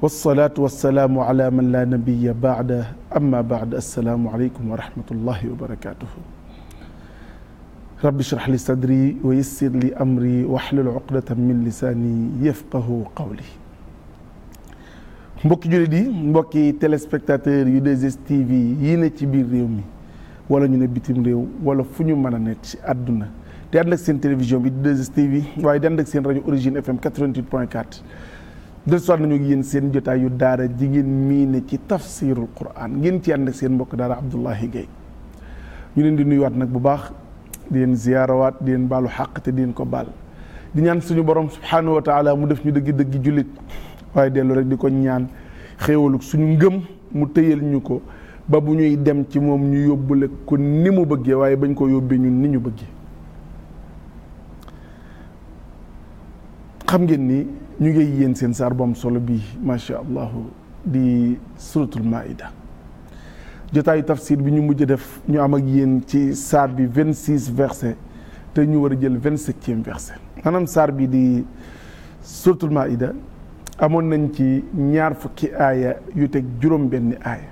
wasalaatu salaam ala man laa nabiya baada amma baad assalaamu aleykum wa rahmatullahi wa barakatuhu rabbi shrah li sadri wa yassir li amri waxlul uqdatan min lisaani yafqahu qawli mbokki jullit yi mbokki téléspectateur yu 2 ci biir réew mi wala ñu ne bitim réew wala fu ñu mën a nekk ci àdduna di ànd seen télévision bi 2STV waaye di ànd ak seen rajo origine FM 88 point del soit nañu yéen seen jotaay yu daara jigéen mii ne ci tafsirul quran ngeen ci ànd ak seen mbokk daara Abdoulahi Gaye ñu leen di nuyuwaat nag bu baax di leen ziyaarawaat di leen baalu xàq te di ko baal di ñaan suñu borom subhanahu wa mu def ñu dëgg dëgg jullit waaye dellu rek di ko ñaan xéewaluk suñu ngëm mu tëyal ñu ko ba bu ñuy dem ci moom ñu yóbbule ko ni mu bëggee waaye bañ ko yóbbee ñun ni ñu bëggee xam ngeen nii ñu ngi yéen seen saar bu am solo bi macha allah di suratul maida jotaayu tafsir bi ñu mujj def ñu am ak yeen ci saar bi vingt six verse te ñu war a jël vingt septième verset maanaam saar bi di suratul maida amoon nañ ci ñaar fukki aaya yu teg juróom benn aaya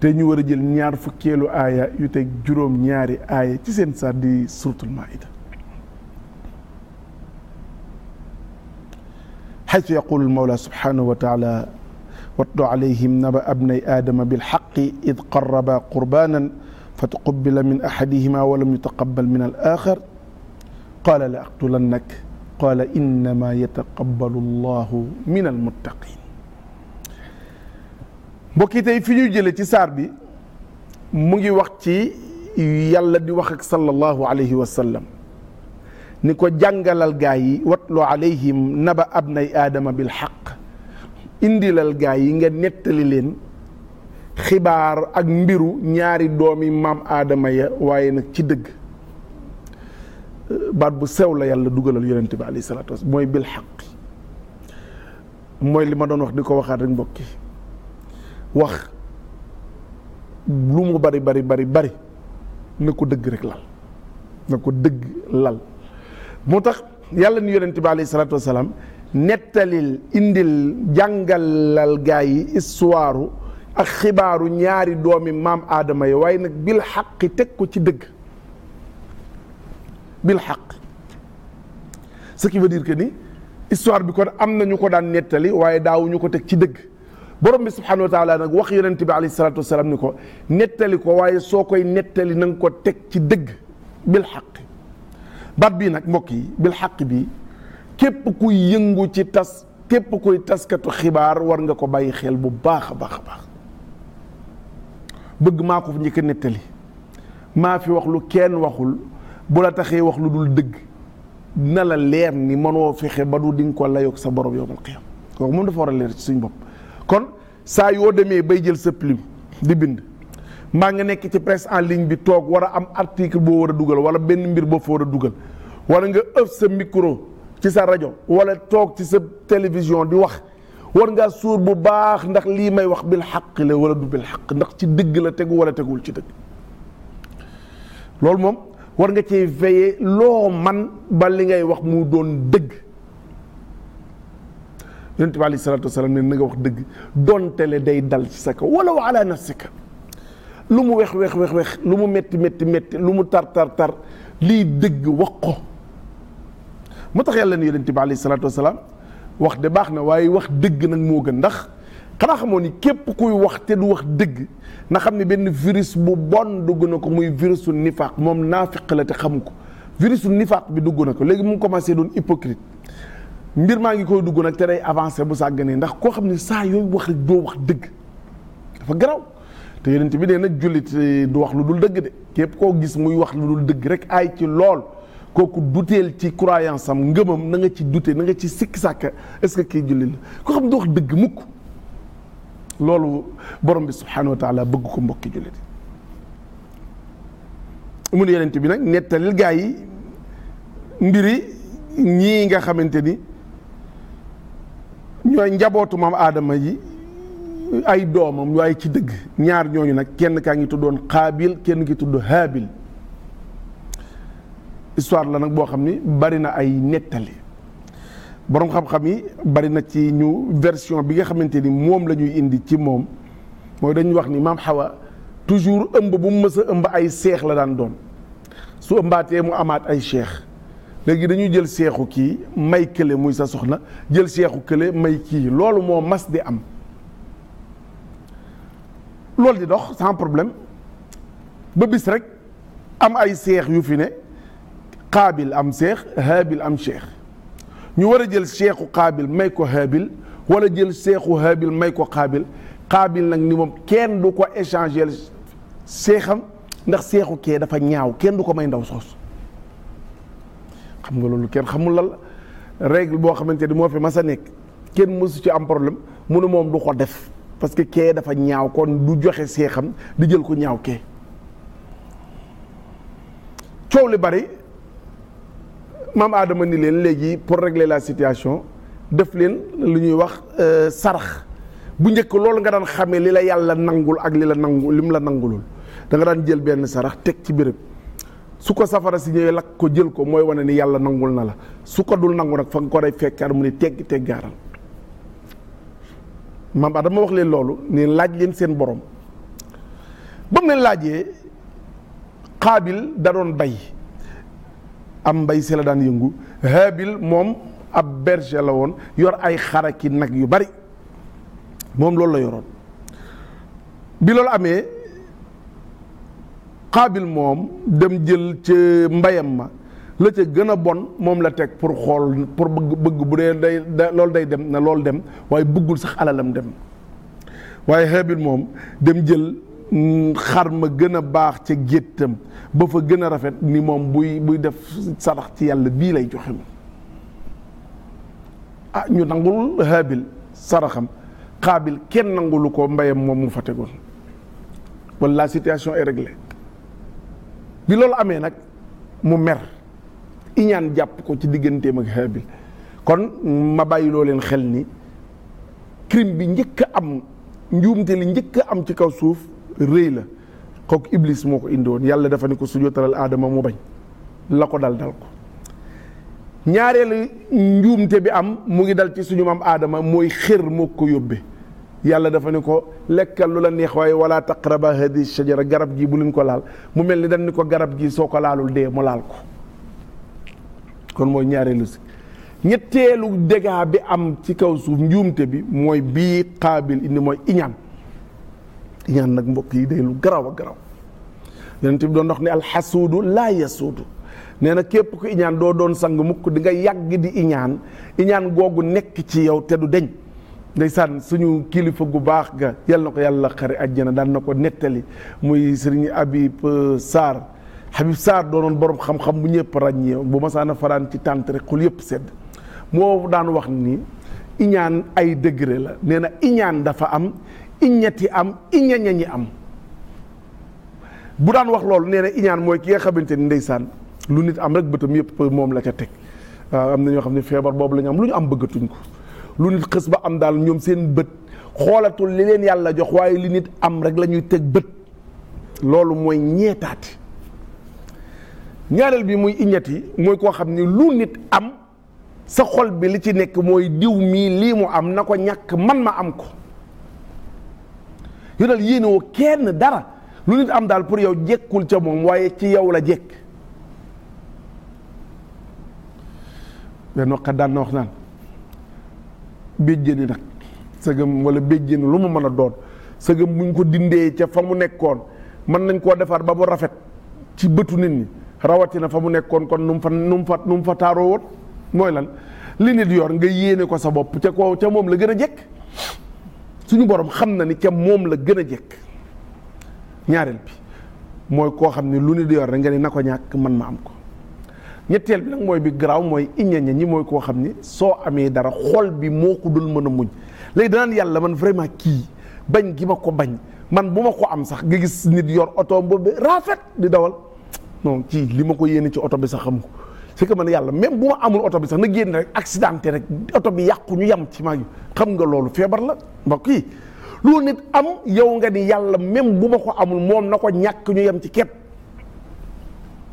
te ñu war a jël ñaar fukkeelu aaya yu teg juróom ñaari aaya ci seen saar di suratul maida xaytu yaqulu lmawla subhanahu wa taala watlu alayhim naba abnay aadama bilxaqi id qaraba qurbanan fa tuqubila min axadihima walam yutaqabal min al axar qaala la aqtulannak qaala innama yataqabalu llahu min almuttaqin mbokki tey fi ñuy jële ci saar bi mu ngi wax ci yàlla di wax ak sallallahu alayhi wa sallam ni ko jàngalal gaa yi watlu alayhim naba abnay aadama bil xaq indilal gaa yi nga nettali leen xibaar ak mbiru ñaari doomi maam aadama ya waaye nag ci dëgg baat bu sew la yàlla dugalal yonent bi alayhi mooy bil xaq mooy li ma doon wax di ko waxaat rek mbokki wax lu mu bari bari bari bari na ko dëgg rek lal na ko dëgg lal moo tax yàlla ni yonent bi alayhi salaatu wasalaam indil jàngalal gaa yi histoire ak xibaaru ñaari doomi maam aadama yi waaye nag bil xaqi teg ko ci dëgg bil xaq ce qui veut dire ni histoire bi kon am na ñu ko daan nettali waaye daawuñu ko teg ci dëgg borom bi subxanahu wa taala nag wax yonent bi alayhi salaatu ni ko nettali ko waaye soo koy nettali na ko teg ci dëgg bil xaq baat bii nag mbokk yi bil xaq bi képp kuy yëngu ci tas képp kuy taskatu xibaar war nga ko bàyyi xel bu baax a baax a baax bëgg maa ko njëkk nettali maa fi wax lu kenn waxul bu la taxee wax lu dul dëgg na la leer ni mënoo fexe ba du di nga ko layoog sa borom yowmal qiyaam kooku moom dafa war a leer ci suñ bopp kon saa yoo demee bay jël sa plume di bind maa nga nekk ci presse en ligne bi toog war a am article boo war a dugal wala benn mbir boo fa war a dugal wala nga ëf sa micro ci sa rajo wala toog ci sa télévision di wax war ngaa suur bu baax ndax lii may wax bil xaq la wala du bil xaq ndax ci dëgg la tegu wala tegul ci dëgg loolu moom war nga cee veiller loo man ba li ngay wax mu doon dëgg yonent bi aleyhi sa wasalaam ne na nga wax dëgg dontele day dal ci sa kaw wala wa ala lu mu wex wex wex wex lu mu metti metti metti lu mu tar tar tar lii dëgg wax ko moo tax yàlla ni yonent bi alayhi salaatu salaam wax de baax na waaye wax dëgg nag moo gën ndax xanaa ni képp kuy wax te du wax dëgg na xam ne benn virus bu bon dugg na ko muy virusu moom naafiq la te xamu ko virusu nifaaq bi dugg na ko léegi mu ngi commencé doon hypocrite mbir maa ngi koy dugg nag te day avancé bu sàgganee ndax koo xam ne saa yooyu wax rek doo wax dëgg dafa garaw te yonent bi nee na jullit eh, du wax lu dul dëgg de képp koo gis muy wax lu dul dëgg rek ay ci lool kooku duteel ci croyance am ngëmam na ci dute na ci sikki sàkka est-ce que kii jullit la ko xam du wax dëgg mukk loolu borom bi subhanahu wa bëgg ko mbokki jullit mu ne yonent bi nag nettalil gaa yi mbiri ñii nga xamante ni ñooy njabootu maam aadama yi ay doomam waaye ci dëgg ñaar ñooñu nag kenn kaa ngi tuddoon xaabil kenn ki tudd haabil histoire la nag boo xam ni bari na ay nettali boroom xam-xam yi bari na ci ñu version bi nga xamante ni moom la ñuy indi ci moom mooy dañuy wax ni maam xawa toujours ëmb bu mu mës a ëmb ay seex la daan doon soo mbaatee mu amaat ay seex léegi dañuy jël seexu kii may kële muy sa soxna jël seexu kële may kii loolu moo mas di am loolu di dox sans problème ba bis rek am ay seex yu fi ne qaabil am seex haabil am seex ñu war a jël seexu qaabil may ko haabil wala jël seexu haabil may ko qaabil qaabil nag ni moom kenn du ko échanger seexam ndax seexu kee dafa ñaaw kenn du ko may ndaw soos xam nga loolu kenn xamul lan la règle boo xamante ni moo fi ma sa nekk kenn mësu ci am problème mu ne moom du ko def parce que kee dafa ñaaw kon du joxe seexam di jël ko ñaaw kee coow li bari maam aadama ni leen léegi pour régler la situation def leen lu ñuy wax euh, sarax bu njëkk loolu nga daan xame li la yàlla nangul ak li la nangu li mu la nangulul da nga daan jël benn sarax teg ci béréb su ko safara si ñëwee lakk ko jël ko mooy wane ni yàlla nangul na la su ko dul nangu nag fa nga ko day fekkaar mu ni tegg teggaaral maam Adama wax leen loolu ne laaj leen seen borom ba mu leen laajee xaabil da doon bay am mbay si la daan yëngu haabil moom ab berger la woon yor ay xaraki nag yu bari moom loolu la yoroon bi loolu amee xaabil moom dem jël ca mbayam ma la ca gën a bon moom la teg pour xool pour bëgg bëgg bu dee day loolu day dem na loolu dem waaye bëggul sax alalam dem waaye Haabil moom dem jël mm, xar ma gën a baax ca géttam ba fa gën a rafet ni moom buy buy def sarax ci yàlla bii lay joxe ma ah ñu nangul Haabil saraxam Qaabil kenn nangulu ko mbayam moom mu fa tegoon wala la situation est bi loolu amee nag mu mer iñaan jàpp ko ci digganteem ak Haabil kon ma bàyyiloo leen xel ni crime bi njëkk a am njuumte li njëkk am ci kaw suuf rëy la kooku iblis moo ko indi woon yàlla dafa ni ko sujjóotalal aadama mu bañ la ko dal dal ko ñaareelu njuumte bi am mu ngi dal ci suñu mam aadama mooy xër moo ko yóbbe yàlla dafa ni ko lekkal lu la neex waaye wala taqraba hadi shajara garab gii bu leen ko laal mu mel ni dañ ni ko garab gii soo ko laalul dee mu laal ko kon mooy ñaareelu si ñetteelu dégât bi am ci kaw suuf njuumte bi mooy bii xaabil indi mooy iñaan iñaan nag mbokk yi day lu garaw a garaw yonent bi doon wax ne nee na képp ku iñaan doo doon sang mukk di nga yàgg di iñaan iñaan googu nekk ci yow te du deñ ndeysaan suñu kilifa gu baax ga yàlla na ko yàlla xare àjjana daan na ko nettali muy sëriñ Habib euh, Sarr Habib Sarr doonoon borom xam-xam bu ñëpp ràññee bu masaana faraan ci tànt rek xol yëpp sedd moo daan wax nii iñaan ay degré la nee na iñaan dafa am iññati am iññañañi am bu daan wax loolu nee iñaan mooy ki nga xamante ni ndeysaan lu nit am rek bëtam yëpp moom la ca teg ah, am na ñoo xam ne feebar boobu la am lu ñu am bëggatuñ ko lu nit xës ba am daal ñoom seen bët xoolatul li leen yàlla jox waaye li nit am rek lañuy teg bët loolu mooy ñeetaati ñaareel bi muy iññat yi mooy koo xam ni lu nit am sa xol bi li ci nekk mooy diw mii lii mu am na ko ñàkk man ma am ko yu dal kenn dara lu nit am daal pour yow jekkul ca moom waaye ci yow la jekk benn waxkat daan na wax naan béjjéni nag sëgëm wala béjjéni lu mu mën a doon sëgëm buñ ko dindee ca fa mu nekkoon mën nañ koo defar ba bu rafet ci bëtu nit ñi rawatina fa mu nekkoon kon nu mu fa nu mu fa nu mu fa taaroo woon mooy lan li nit yor nga yéene ko sa bopp ca ko ca moom la gën a jekk suñu borom xam na ni ca moom la gën a jekk ñaareel bi mooy koo xam ne lu nit yor rek nga ni na ko ñàkk man ma am ko ñetteel bi nag mooy bi garaaw mooy iññaña ñi mooy koo xam ni soo amee dara xol bi moo ko dul mën a muñ léegi danaan yàlla man vraiment kii bañ gi ma ko bañ man bu ma ko am sax nga gis nit yor otoom boobu rafet di dawal non ci li ma ko yéene ci oto bi sax xam ko c'est que yàlla même bu ma amul oto bi sax na génn rek accidenté rek oto bi yàqu ñu yem ci maa ngi xam nga loolu feebar la mbokk yi loolu nit am yow nga ni yàlla même bu ma ko amul moom na ko ñàkk ñu yem ci képp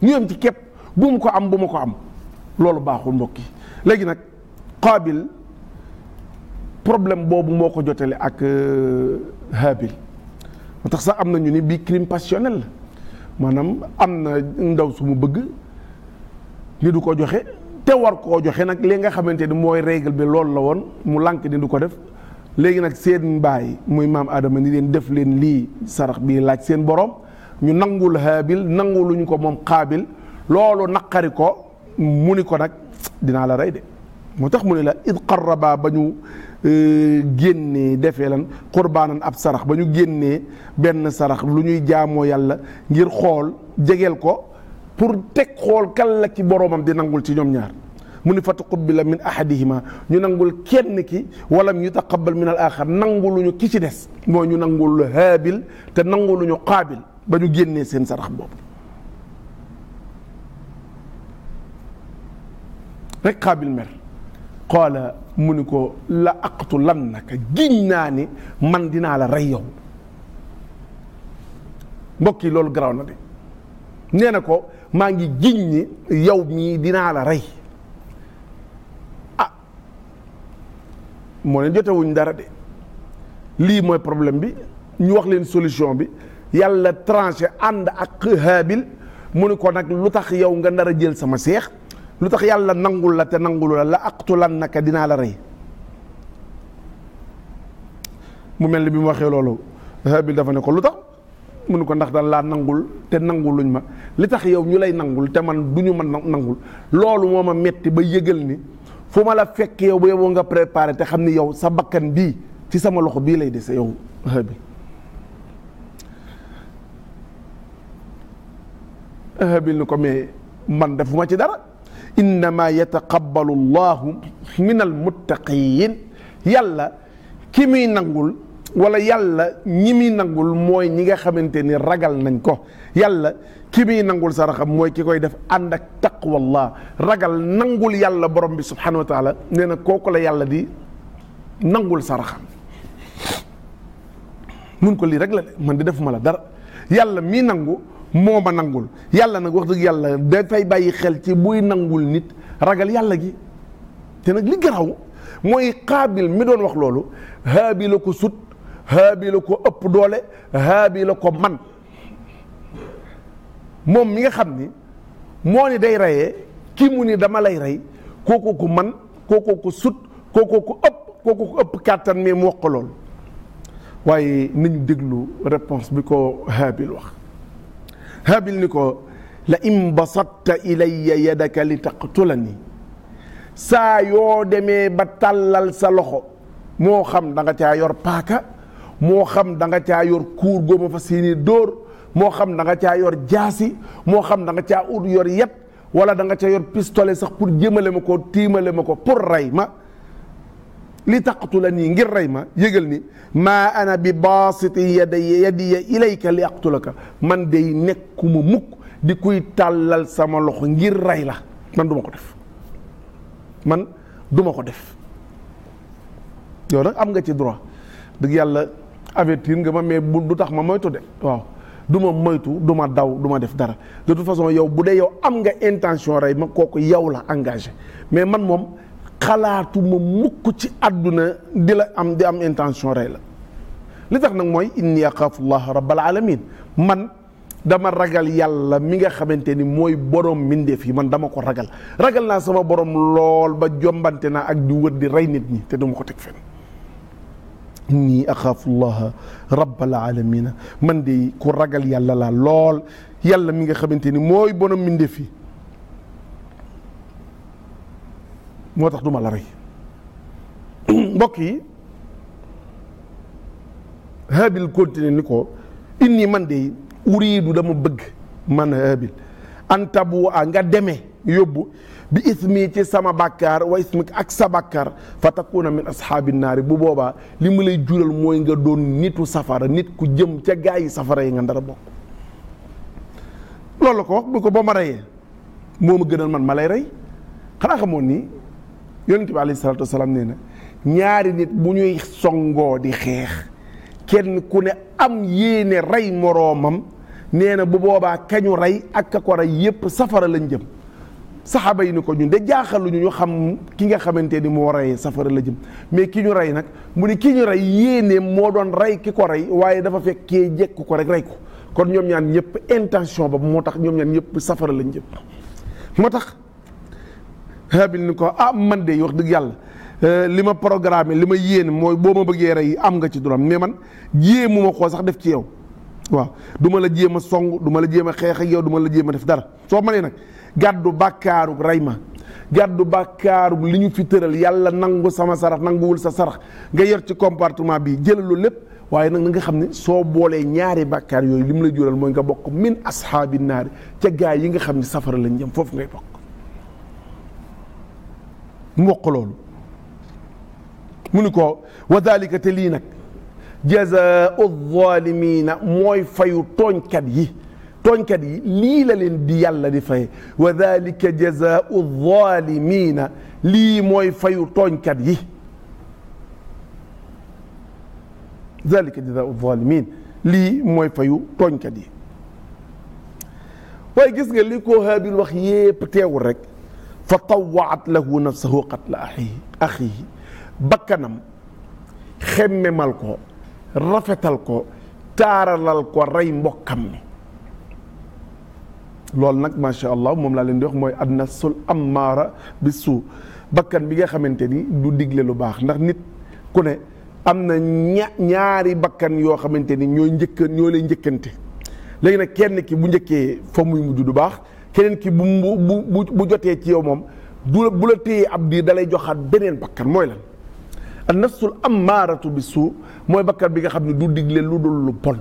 ñu yem ci képp bu mu ko am bu ma ko am loolu baaxul mbokk yi léegi nag Qaabil problème boobu moo ko jotale ak Haabil euh, moo tax sax am na ñu ni bii crime passionnel la maanaam am na ndaw su mu bëgg ni du ko joxe te war koo joxe nag li nga xamante ni mooy régle bi loolu la woon mu lànk ni du ko def léegi nag seen mbaay muy maam Adama ni leen def leen lii sarax bii laaj seen borom ñu nangul Haabil nanguluñu ko moom Xaabil loolu naqari ko mu ni ko nag dinaa la rey de moo tax mu ne la id qarraba ba ñu euh, génnee defee lan qurbaanan ab sarax ba ñu génnee benn sarax lu ñuy jaamoo yàlla ngir xool jegeel ko pour teg xool kan la ci boroomam di nangul ci ñoom ñaar mu ni fa tuqabbila min ahadihima ñu nangul kenn ki ñu walam yutaqabbal min al lu ñu ki ci des mooy ñu nangul haabil te ñu qaabil ba ñu génnee seen sarax boobu rek qaabil mer qaala mu ni ko la aqtu lan naka giñ naa ni man dinaa la rey yow mbokk yi loolu garaaw na de nee na ko maa ngi giñ ni yow mii dinaa la rey a ah, moo leen jotewuñ dara de lii mooy problème bi ñu wax leen solution bi yàlla tranché ànd ak Haabil mu ni ko nag lu tax yow nga nar a jël sama seex lu tax yàlla nangul la te nangulu la la aqtulannaka dinaa la rey mu mel ni bi mu waxee loolu Haabil dafa ne ko lu tax mu ne ko ndax daan laa nangul te nanguluñ ma li tax yow ñu lay nangul te man du ñu ma nangul loolu moo ma metti ba yëgal ni fu ma la fekk yow ba yow nga préparé te xam ni yow sa bakkan bii ci sama loxo bii lay dese yow Haabil Haabil ni ko mais man defuma ci dara innama yataqabbalu llahu min almuttaqiin yàlla ki nangul wala yàlla ñi nangul mooy ñi nga xamante ni ragal nañ ko yàlla ki muy nangul saraxam mooy ki koy def ànd ak taqwallah ragal nangul yàlla borom bi subhanahu wa taala nee na kooku la yàlla di nangul saraxam mun ko lii rek la de man di defuma la dara yàlla mi nangu moo ma nangul yàlla nag wax dëgg yàlla dafay bàyyi xel ci buy nangul nit ragal yàlla gi te nag li garaw mooy xaabil mi doon wax loolu haabi la ko sut haabi la ko ëpp doole haabi la ko man moom mi nga xam ni moo ni day reyee kii mu ni dama lay rey kooku ko man kooku ko sut kooku ko ëpp kooku ko ëpp kàttan mais mu wax loolu waaye nañu déglu réponse bi ko haabil wax haabil ni ko la ilay basatta ilayya yadaka li taqtulani saa yoo demee ba tàllal sa loxo moo xam danga caa yor paaka moo xam da nga caa yor kuur góoma fa seeni dóor moo xam da nga caa yor jaasi moo xam da caa ut yor yet wala da nga caa yor pistolet sax pour jëmale ma ko tiimale ma ko pour rey ma li la nii ngir rey ma yëgal ni maa ana bi baasiti yaday yadiya ka li aqtulaka man day nekkuma mukk di kuy tàllal sama loxo ngir rey la man duma ko def man duma ko def yow nag am nga ci droit dëgg yàlla avertir nga ma mais bu du tax ma moytu de waaw du ma moytu duma daw duma def dara de du façon yow bu dee yow am nga intention rey ma kooku yow la engage mais man moom xalaatuma mukk ci àdduna di la am di am intention rey la li tax nag mooy inni axaafu llaha rabbal alamin man dama ragal yàlla mi nga xamante ni mooy borom mindeef fii man dama ko ragal ragal naa sama borom lool ba jombante naa ak di wër di rey nit ñi te duma ko teg fenn inni axaafu llaha rabbal alamin man de ku ragal yàlla laa lool yàlla mi nga xamante ni mooy borom mindeef fii moo tax duma la rey mbokk yi Haabil continué ni ko inni man de uriidu dama bëgg man Haabil an tabu nga deme yóbbu bi ismi ci sama bàkkaar wa ismik ak sa bàkkaar fa takuna min ashaabi naari bu boobaa li ma lay jural mooy nga doon nitu safara nit ku jëm ca gaa yi safara yi nga ndara bokk loolu la ko wax ko ba ma reyee moo ma gënal man ma lay rey xanaa xamoon nii yonent bi alayhi salaatu wasalaam nee na ñaari nit bu ñuy songoo di xeex kenn ku ne am yéene rey moroomam nee na bu boobaa kañu rey ak ka ko rey yépp safara lañ jëm saxaaba yi ni ko ñun de jaaxaluñu ñu xam ki nga xamante ni moo reyee safara la jëm mais ki ñu rey nag mu ne ki ñu rey yéene moo doon rey ki ko rey waaye dafa fekk kee jekk ko rek rey ko kon ñoom ñaan ñëpp intention ba moo tax ñoom ñaan ñëpp safara lañ jëm moo tax Haabil ni ko ah man de wax dëgg yàlla euh, li ma programme li ma yéen mooy boo ma bëggee rey am nga ci droit mais man jéemu ma koo sax def ci yow waaw du ma la jéem a song duma la jéem a xeex ak yow du la jéem a def dara soo mënee nag gàddu bàkkaaru rey ma gàddu bàkkaaru li ñu fi tëral yàlla nangu sama sarax nanguwul sa sarax nga yor ci comportement bi jël loolu lépp waaye nag na nga xam ne soo boolee ñaari bàkkaar yooyu li mu la jural mooy nga bokk min ashaabi naari ca gaay yi nga xam ne safara lañ jëm foofu ngay mu wax ko mu ni ko wa dalika te lii nag jazaau zalimina mooy fayu tooñkat yi tooñkat yi lii la leen di yàlla di faye wa dalika jazaau zalimina lii mooy fayu tooñkat yi dalika jazaau zalimin lii mooy fayu tooñkat yi waaye gis nga li ko Haabil wax yépp teewul rek fa na lahu nafsahu qatla axihi axihi bakkanam xemmemal ko rafetal ko taaralal ko rey mbokkam mi loolu nag macha allah moom laa leen di wax mooy annasul ammaara bi suu bakkan bi nga xamante ni du digle lu baax ndax nit ku ne am na ña ñaari bakkan yoo xamante ni ñooy njëkkan ñoo lay njëkkante léegi nag kenn ki bu njëkkee fa muy mujj du baax keneen ki bu bu bu bu jotee ci yow moom du bu la téyee ab diir dalay joxaat beneen bakkan mooy la an nafsul ammaaratu bi suu mooy bakkan bi nga xam ne du digle lu dul lu bon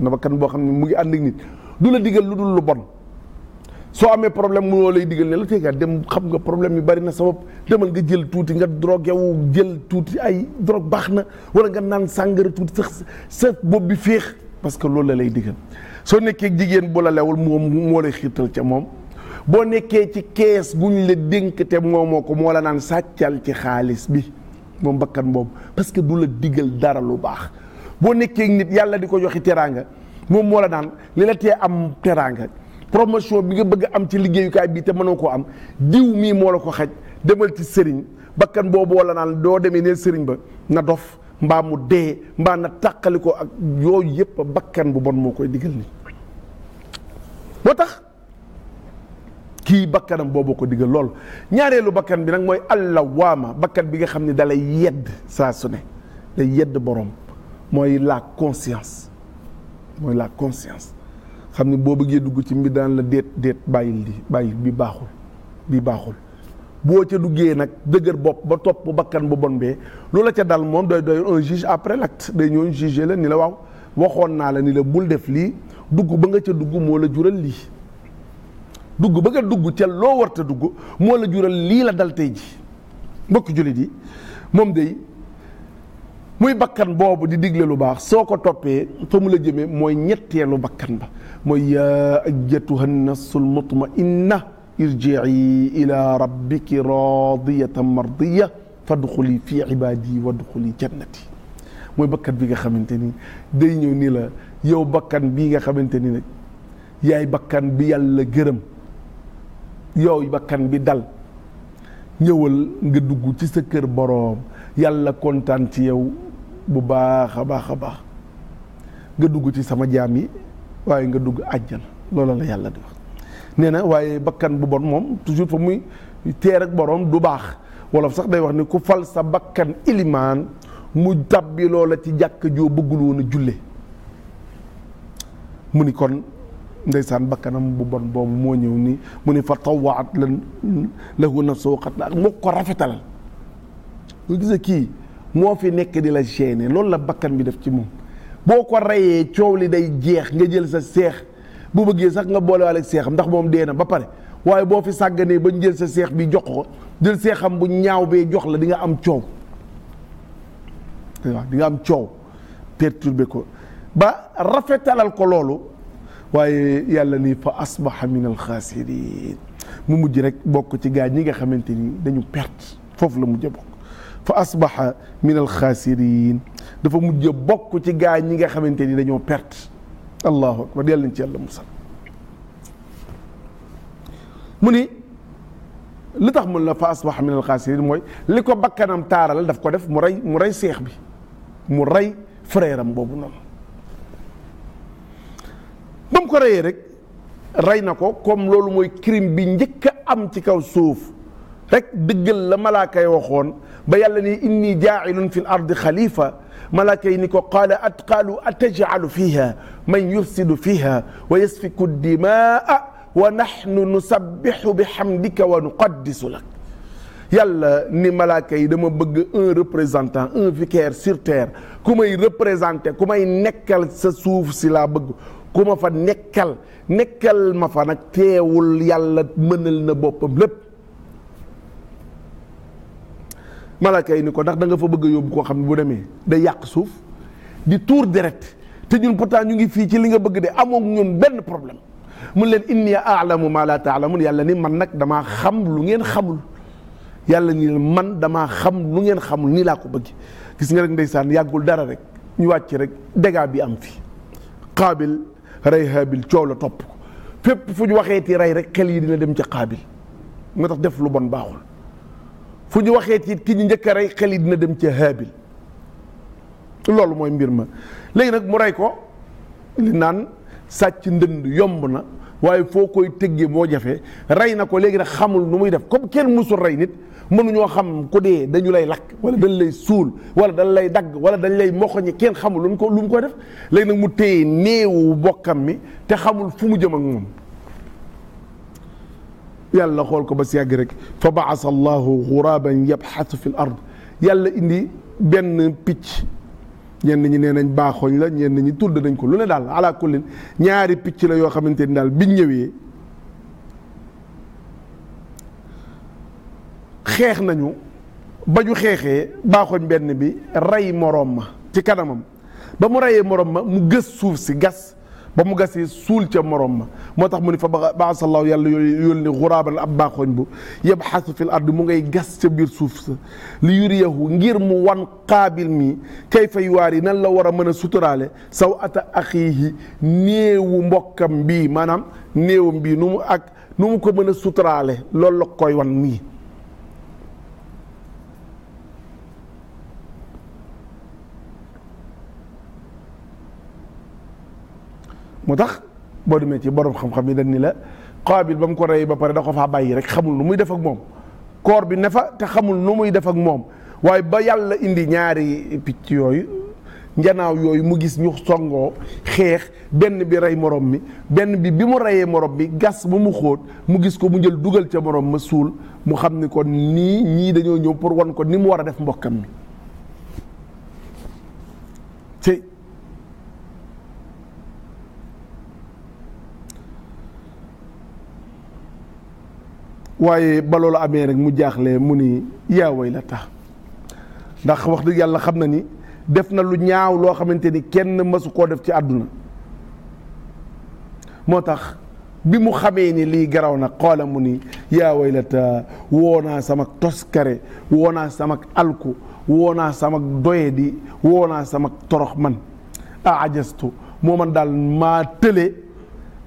na bakkan boo xam ne mu ngi ànd ak nit du la digal lu dul lu bon soo amee problème mu lay digal ne la tey nga dem xam nga problème yu bari na sabab demal nga jël tuuti nga drogue yow jël tuuti ay drogue baax na wala nga naan sàngara tuuti sax sa bopp bi féex parce que loolu la lay digal soo nekkee jigéen bu la lewul moom moo lay xiirtal ca moom boo nekkee ci kees guñ la dénk te moomoo ko moo la naan sàccal ci xaalis bi moom bakkan boobu parce que du la digal dara lu baax boo nekkee nit yàlla di ko joxi teraanga moom moo la naan li la tee am teraanga promotion bi nga bëgg am ci liggéeyukaay bi te mënoo koo am diw mii moo la ko xaj demal ci sëriñ bakkan boobu la naan doo demee ne sëriñ ba na dof mbaa mu dee mbaa na tàqali ko ak yooyu yëpp bakkan bu bon moo koy digal nit boo tax kii bakkanam boobu ko digal lool ñaareelu bakkan bi nag mooy waama bakkan bi nga xam ne dalay yedd saa su ne day yedd borom mooy la conscience mooy la conscience xam ne boo bëggee dugg ci mbir daan la déet déet bàyyil di bàyyil bi baaxul bi baaxul boo ca duggee nag dëgër bopp ba topp bakkan bu bon bee lu la ca dal moom doy doy un juge après l'acte day ñëw juger la ni la waaw waxoon naa la ni la bul def lii dugg ba nga ca dugg moo la jural lii dugg ba nga dugg ca loo warta dugg moo la jural lii la dal tey ji mbokk jullit yi moom day muy bakkan boobu di digle lu baax soo ko toppee fa mu la jëmee mooy ñetteelu bakkan ba mooy yaa ajatuha nafsul mutma inna irji'i ila rabbiki radiyatan mardiya fadxuli fi ibaadi wadxuli jannati mooy bakkan bi nga xamante ni day ñëw ni la yow bakkan bi nga xamante ni nag yaay bakkan bi yàlla gërëm yow bakkan bi dal ñëwal nga dugg ci sa kër boroom yàlla kontaan ci yow bu baax a baax a baax nga dugg ci sama jaam yi waaye nga dugg àjjana loola la yàlla di nee na waaye bakkan bu bon moom toujours fa muy teer ak borom du baax wolof sax day wax ni ku fal sa bakkan ilimaan mu tàbbi loola ci jàkk joo bëggul woon a julle mu ni kon ndeysaan bakkanam bu bon boobu moo ñëw ni mu ni fa tawaat lan lahu nafsuhu qatla moo ko rafetal lu gisee kii moo fi nekk di la gêner loolu la bakkan bi def ci moom boo ko reyee coow li day jeex nga jël sa seex bu bëggee sax nga boole ak seexam ndax moom dee na ba pare waaye boo fi sàgganee ba ñu jël sa seex bi jox ko jël seexam bu ñaaw bee jox la di nga am coow waaw di nga am coow perturbé ko ba rafetalal ko loolu waaye yàlla ni fa asbaha min alxaasirin mu mujj rek bokk ci gaa ñi nga xamante ni dañu perte foofu la mujj bokk fa asbaha min alxaasirin dafa mujj bokk ci gaa ñi nga xamante ni dañoo perte allahu akbar yàlla nañ ci yàlla musal mu ni li tax mun la fa asbax min alxaasirin mooy li ko bakkanam taaral daf ko def mu rey mu rey seex bi mu rey frère am boobu noonu ba mu ko reyee rek rey na ko comme loolu mooy crime bi njëkk a am ci kaw suuf rek dëggal la malaaka yi waxoon ba yàlla ni inni jaailun fi l ardi xalifa malaaka yi ni ko qaala at qaalu atajalu fiha man yufsidu fiha wa yasfiku dimaa wa nahnu nusabbihu bi hamdika wa nuqaddisu lak yàlla ni malaaka yi dama bëgg un représentant un vicaire sur terre ku may représenté ku may nekkal sa suuf si laa bëgg ku ma fa nekkal nekkal ma fa nag teewul yàlla mënal na boppam lépp malaaka yi ni ko ndax da nga fa bëgg a yóbbu koo xam ne bu demee day yàq suuf di tuur deret te ñun pourtant ñu ngi fii ci li nga bëgg de amoo ñun benn problème mun leen inni aalamu ma la taalamun yàlla ni man nag damaa xam lu ngeen xamul yàlla ni man damaa xam lu ngeen xamul nii laa ko bëgg gis nga rek ndeysaan yàggul dara rek ñu wàcc rek dégaa bi am fii xaabil rey haabil coow la topp ko fépp fu ñu waxeeti rey rek xel yi dina dem ci xaabil moo tax def lu bon baaxul fu ñu waxee tiit ki ñu njëkk a rey xel yi dina dem ca haabil loolu mooy mbir ma léegi nag mu rey ko li naan sàcc ndënd yomb na waaye foo koy tëggee moo jafe rey na ko léegi nag xamul nu muy def comme kenn musul rey nit mënuñoo xam ku dee dañu lay lakk wala dañ lay suul wala dañ lay dagg wala dañ lay moxoñi kenn xamul lu mu ko lu ko def léegi nag mu téye néewu bokkam mi te xamul fu mu jëm ak moom yàlla xool ko ba si yàgg rek fa baasa allahu xuraaban yabxasu fi l yàlla indi benn picc ñenn ñi nee nañ baaxooñ la ñenn ñi tudd nañ ko lu ne daal ala kullin ñaari picc la yoo xamante ni daal biñ ñëwee xeex nañu ba ñu xeexee baaxooñ benn bi rey moroom ma ci kanamam ba mu reyee moroom ma mu gës suuf si gas ba mu gasee suul ca morom ma moo tax mu ni fa ba Allaahu yàlla yónni xuraaban ab baaxooñ bu yabxasu fil ard mu ngay gas ca biir suuf sa li yuriyahu ngir mu wan qaabil mi kayfa yi nan la war a mën a suturaale saw ata axiihi néewu mbokkam bii maanaam néewam bii nu mu ak nu mu ko mën a suturaale loolu la koy wan nii moo tax boo demee ci borom xam-xam yi dañ ni la Qaabil ba mu ko rey ba pare da ko faa bàyyi rek xamul nu muy def ak moom koor bi ne fa te xamul nu muy def ak moom waaye ba yàlla indi ñaari picc yooyu njanaaw yooyu mu gis ñu songoo xeex benn bi rey moroom mi benn bi bi mu reyee morom bi gas ba mu xóot mu gis ko mu jël dugal ca morom ma suul mu xam ni ko nii ñii dañoo ñëw pour wan ko ni mu war a def mbokkam mi waaye ba loolu amee rek mu jaaxle mu ni yaaway la tax ndax wax dëgg yàlla xam na ni def na lu ñaaw loo xamante ni kenn mësu koo def ci àdduna moo tax bi mu xamee ni lii garaw na xoola mu ni yaa waylata woo naa sama toskare woo naa sama alku woo naa sama doyadi woo naa sama torox man a ajastu moo man daal maa tële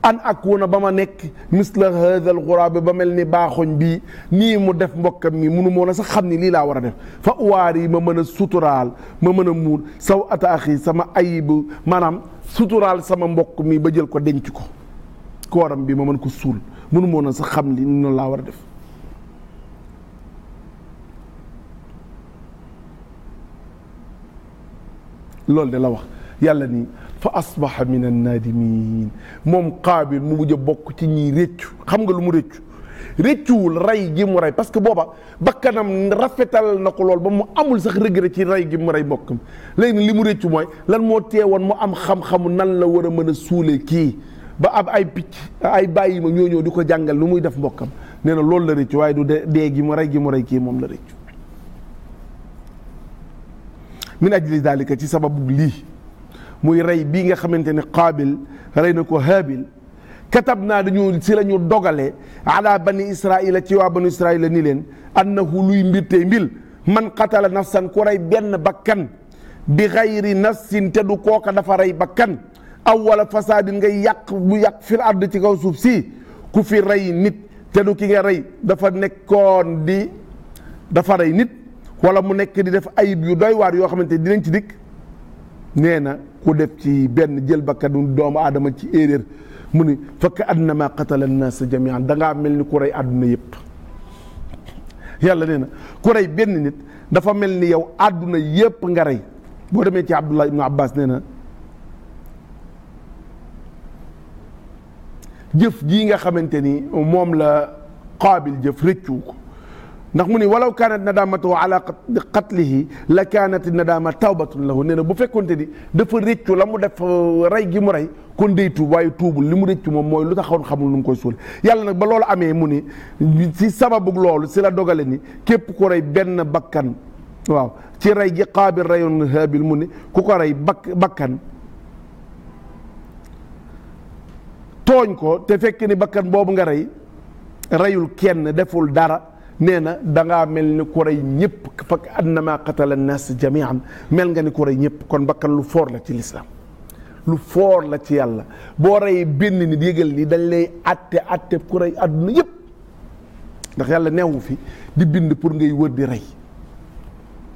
an akuna ba ma nekk misla hadha al bi ba mel ni baaxoñ bii nii mu def mbokkam mi munu moo na sax xam ni lii laa war a def fa uwaar yi ma mën a suturaal ma mën a muur saw ata yi sama ayibu maanaam suturaal sama mbokk mi ba jël ko denc ko kooram bi ma mën ko suul munu moo na sax xam li noonu laa war a def loolu de la wax yàlla nii fa asbaha min annaadimin moom qaabil mu mujj bokk ci ñii réccu xam nga lu mu réccu réccuwul rey gi mu rey parce que booba bakkanam rafetal na ko lool ba mu amul sax regret ci rey gi mu rey mbokkam léegi li mu réccu mooy lan moo teewoon mu am xam nan la war a mën a suulee kii ba ab ay picc ay bàyyi ma ñoo ñëw di ko jàngal lu muy def mbokkam nee na loolu la réccu waaye du dee gi mu rey gi mu rey kii moom la réccu min ajli dalika ci sababu lii muy rey bii nga xamante ni qaabil rey na ko haabil katab naa dañu si lañu ñu dogale ala bani israila ci waa bani israila ni leen annahu luy mbir tey mbil man qatala nafsan ku rey benn bakkan bi xayri nafsin te du kooka dafa rey bakkan aw wala fasaadin ngay yàq bu yàq fil ard ci kaw suuf si ku fi rey nit te du ki nga rey dafa nekkoon di dafa rey nit wala mu nekk di def ayib yu doy waar yoo xamante dinañ ci dikk nee na ku def ci benn jël bakkanu doomu aadama ci erreur mu ni fakk annama sa nnaasa jamian dangaa mel ni ku rey àdduna yëpp yàlla nee na ku rey benn nit dafa mel ni yow àdduna yëpp nga rey boo demee ci abdullah ibnu abbas nee na jëf jii nga xamante ni moom la qaabil jëf rëccu ndax mu ni walaw kaanat nadaamatu ala qatlihi la kaanat nadaama tawbatun lahu nee na bu fekkonte ni dafa réccu la mu def euh, rey gi mu rey kon day tuub waaye tuubul li mu réccu moom mooy lu taxoon xamul nu mu koy suul yàlla nag ba loolu amee mu ni ci sababu loolu si la dogale ni képp ku rey benn bakkan waaw ci rey gi qaabil reyoon haabil mu ni ku ko rey bakkan tooñ ko te fekk ni bakkan boobu nga rey reyul kenn deful dara nee na dangaa mel ni ku rey ñëpp fa annama qatala nnaas jamian mel nga ni ku ñëpp kon bakkan lu foor la ci lislaam lu foor la ci yàlla boo rey benn nit yëgal ni dañ lay atte atte ku rey àdduna yëpp ndax yàlla neewu fi di bind pour ngay wër di rey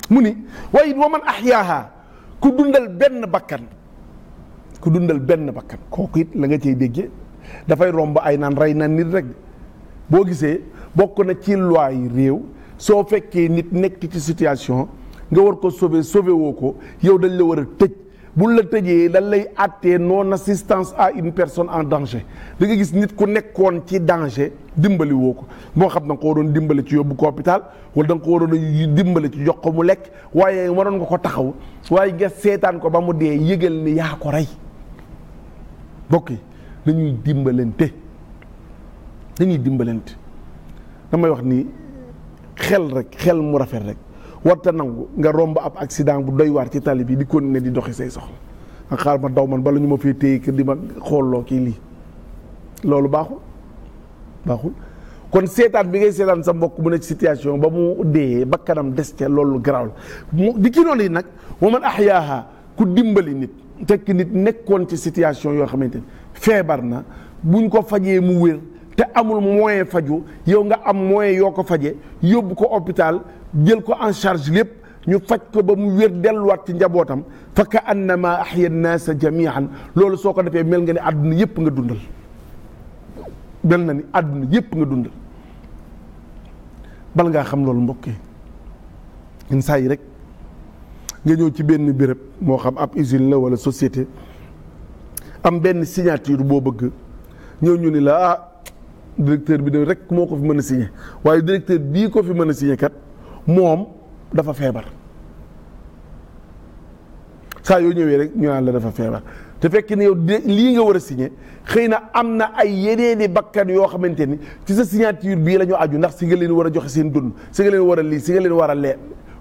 mu ni waaye wa man ahyaaha ku dundal benn bakkan ku dundal benn bakkan kooku it la nga cay déggee dafay romb ay naan rey naan nit rek boo gisee bokk na ci loi yi réew soo fekkee nit nekk ci situation nga war ko sauver sauver woo ko yow dañ la war a tëj buñ la tëjee dañ lay àttee non assistance à une personne en danger da nga gis nit ku nekkoon ci danger dimbali woo ko moo xam da ko waroon dimbali ci yóbbu ko hôpital wala da nga dimbali ci jox ko mu lekk waaye waroon nga ko taxaw waaye nga seetaan ko ba mu dee yëgal ni yaa ko rey mbokk yi nañuy dimbalante nañuy dimbalante. damay wax nii xel rek xel mu rafet rek warte nangu nga romb ab accident bu doy waar ci tali bi di continuer di doxi say soxla nga xaar ma daw man bala ñu ma fee téye kër di ma xoolloo kii lii loolu baaxul baaxul kon seetaan bi ngay seetaan sa mbokk mu ne ci situation ba mu dee ba kanam des ca loolu garaaw la di ki noonu yi nag wa man ahyaaha ku dimbali nit tekk nit nekkoon ci situation yoo xamante ni feebar na buñ ko fajee mu wér te amul moyen faju yow nga am moyen yoo ko faje yóbbu ko hôpital jël ko en charge lépp ñu faj ko ba mu wér delluwaat ci njabootam fa ka annama ahya naasa jamian loolu soo ko defee mel nga ni àdduna yépp nga dundal mel ni àdduna yépp nga dundal bal ngaa xam loolu mbokk yi yenn saa yi rek nga ñëw ci benn béréb moo xam ab usine la wala société am benn signature boo bëgg ñëw ñu la ah, directeur bi de rek moo ko fi mën a signé waaye directeur bii ko fi mën a signé kat moom dafa feebar saa yoo ñëwee rek ñu naan la dafa feebar te fekk ne yow lii nga war a signé xëy na am na ay yeneeni bakkan yoo xamante ni ci sa signature bii la ñu aju ndax si nga leen war a joxe seen dund si nga leen war a lii si nga leen war a lee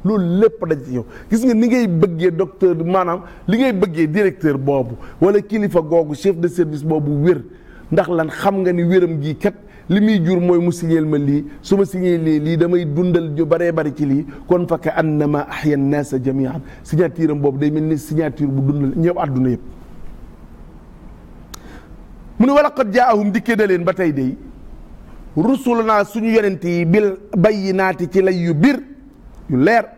loolu lépp daj ci yow gis nga ni ngay bëggee docteur maanaam li ngay bëggee directeur boobu wala kilifa googu chef de service boobu wér ndax lan xam nga ni wéram gii kat li muy jur mooy mu signeel ma lii su ma signeelee lii damay dundal ju bare bari ci lii kon fa ka annama ahya naasa jamian signature am boobu day mel ni signature bu dundal ñëw àdduna yëpp mu ne walaqad jaahum dikkee da leen ba tey day rusulunaa suñu yonent yi bil bayyinaati ci lay yu bir yu leer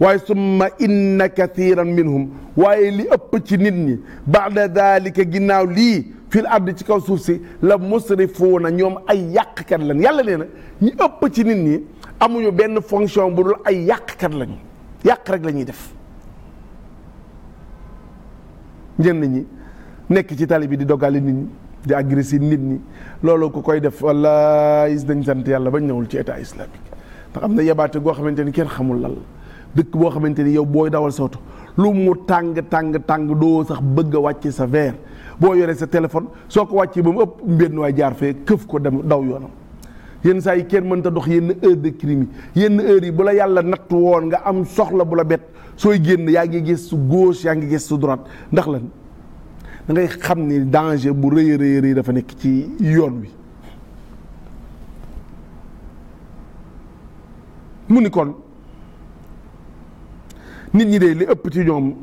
waaye summa inna kathiran minhum waaye li ëpp ci nit ñi baada dalika ginnaaw lii fil abd ci kaw suuf si la musrifuuna ñoom ay yàqkat lañ yàlla nee na ñi ci nit ñi amuñu benn fonction bu ay yàqkat lañu yàq rek lañuy def ñenn ñi nekk ci tali bi di doggale nit ñi di agressé nit ñi loolu ko koy def wallaay dañ sant yàlla ba bañ ñëwul ci état islamique ndax am na yebaate goo xamante ni kenn xamul lan la dëkk boo xamante ni yow booy dawal sa oto lu mu tàng tàng tàng doo sax bëgg a wàcce sa verre boo yoree sa téléphone soo ko wàccee ba mu ëpp mbénn waay jaar fee këf ko dem daw yoonam yenn saa yi kenn mënta dox yenn heure de crime yi yenn heure yi bu la yàlla natt woon nga am soxla bu la bett sooy génn yaa ngi gis su gauche yaa ngi gis su droite ndax lan dangay xam ni danger bu rëy a rëy dafa nekk ci yoon wi mu ni kon nit ñi de li ëpp ci ñoom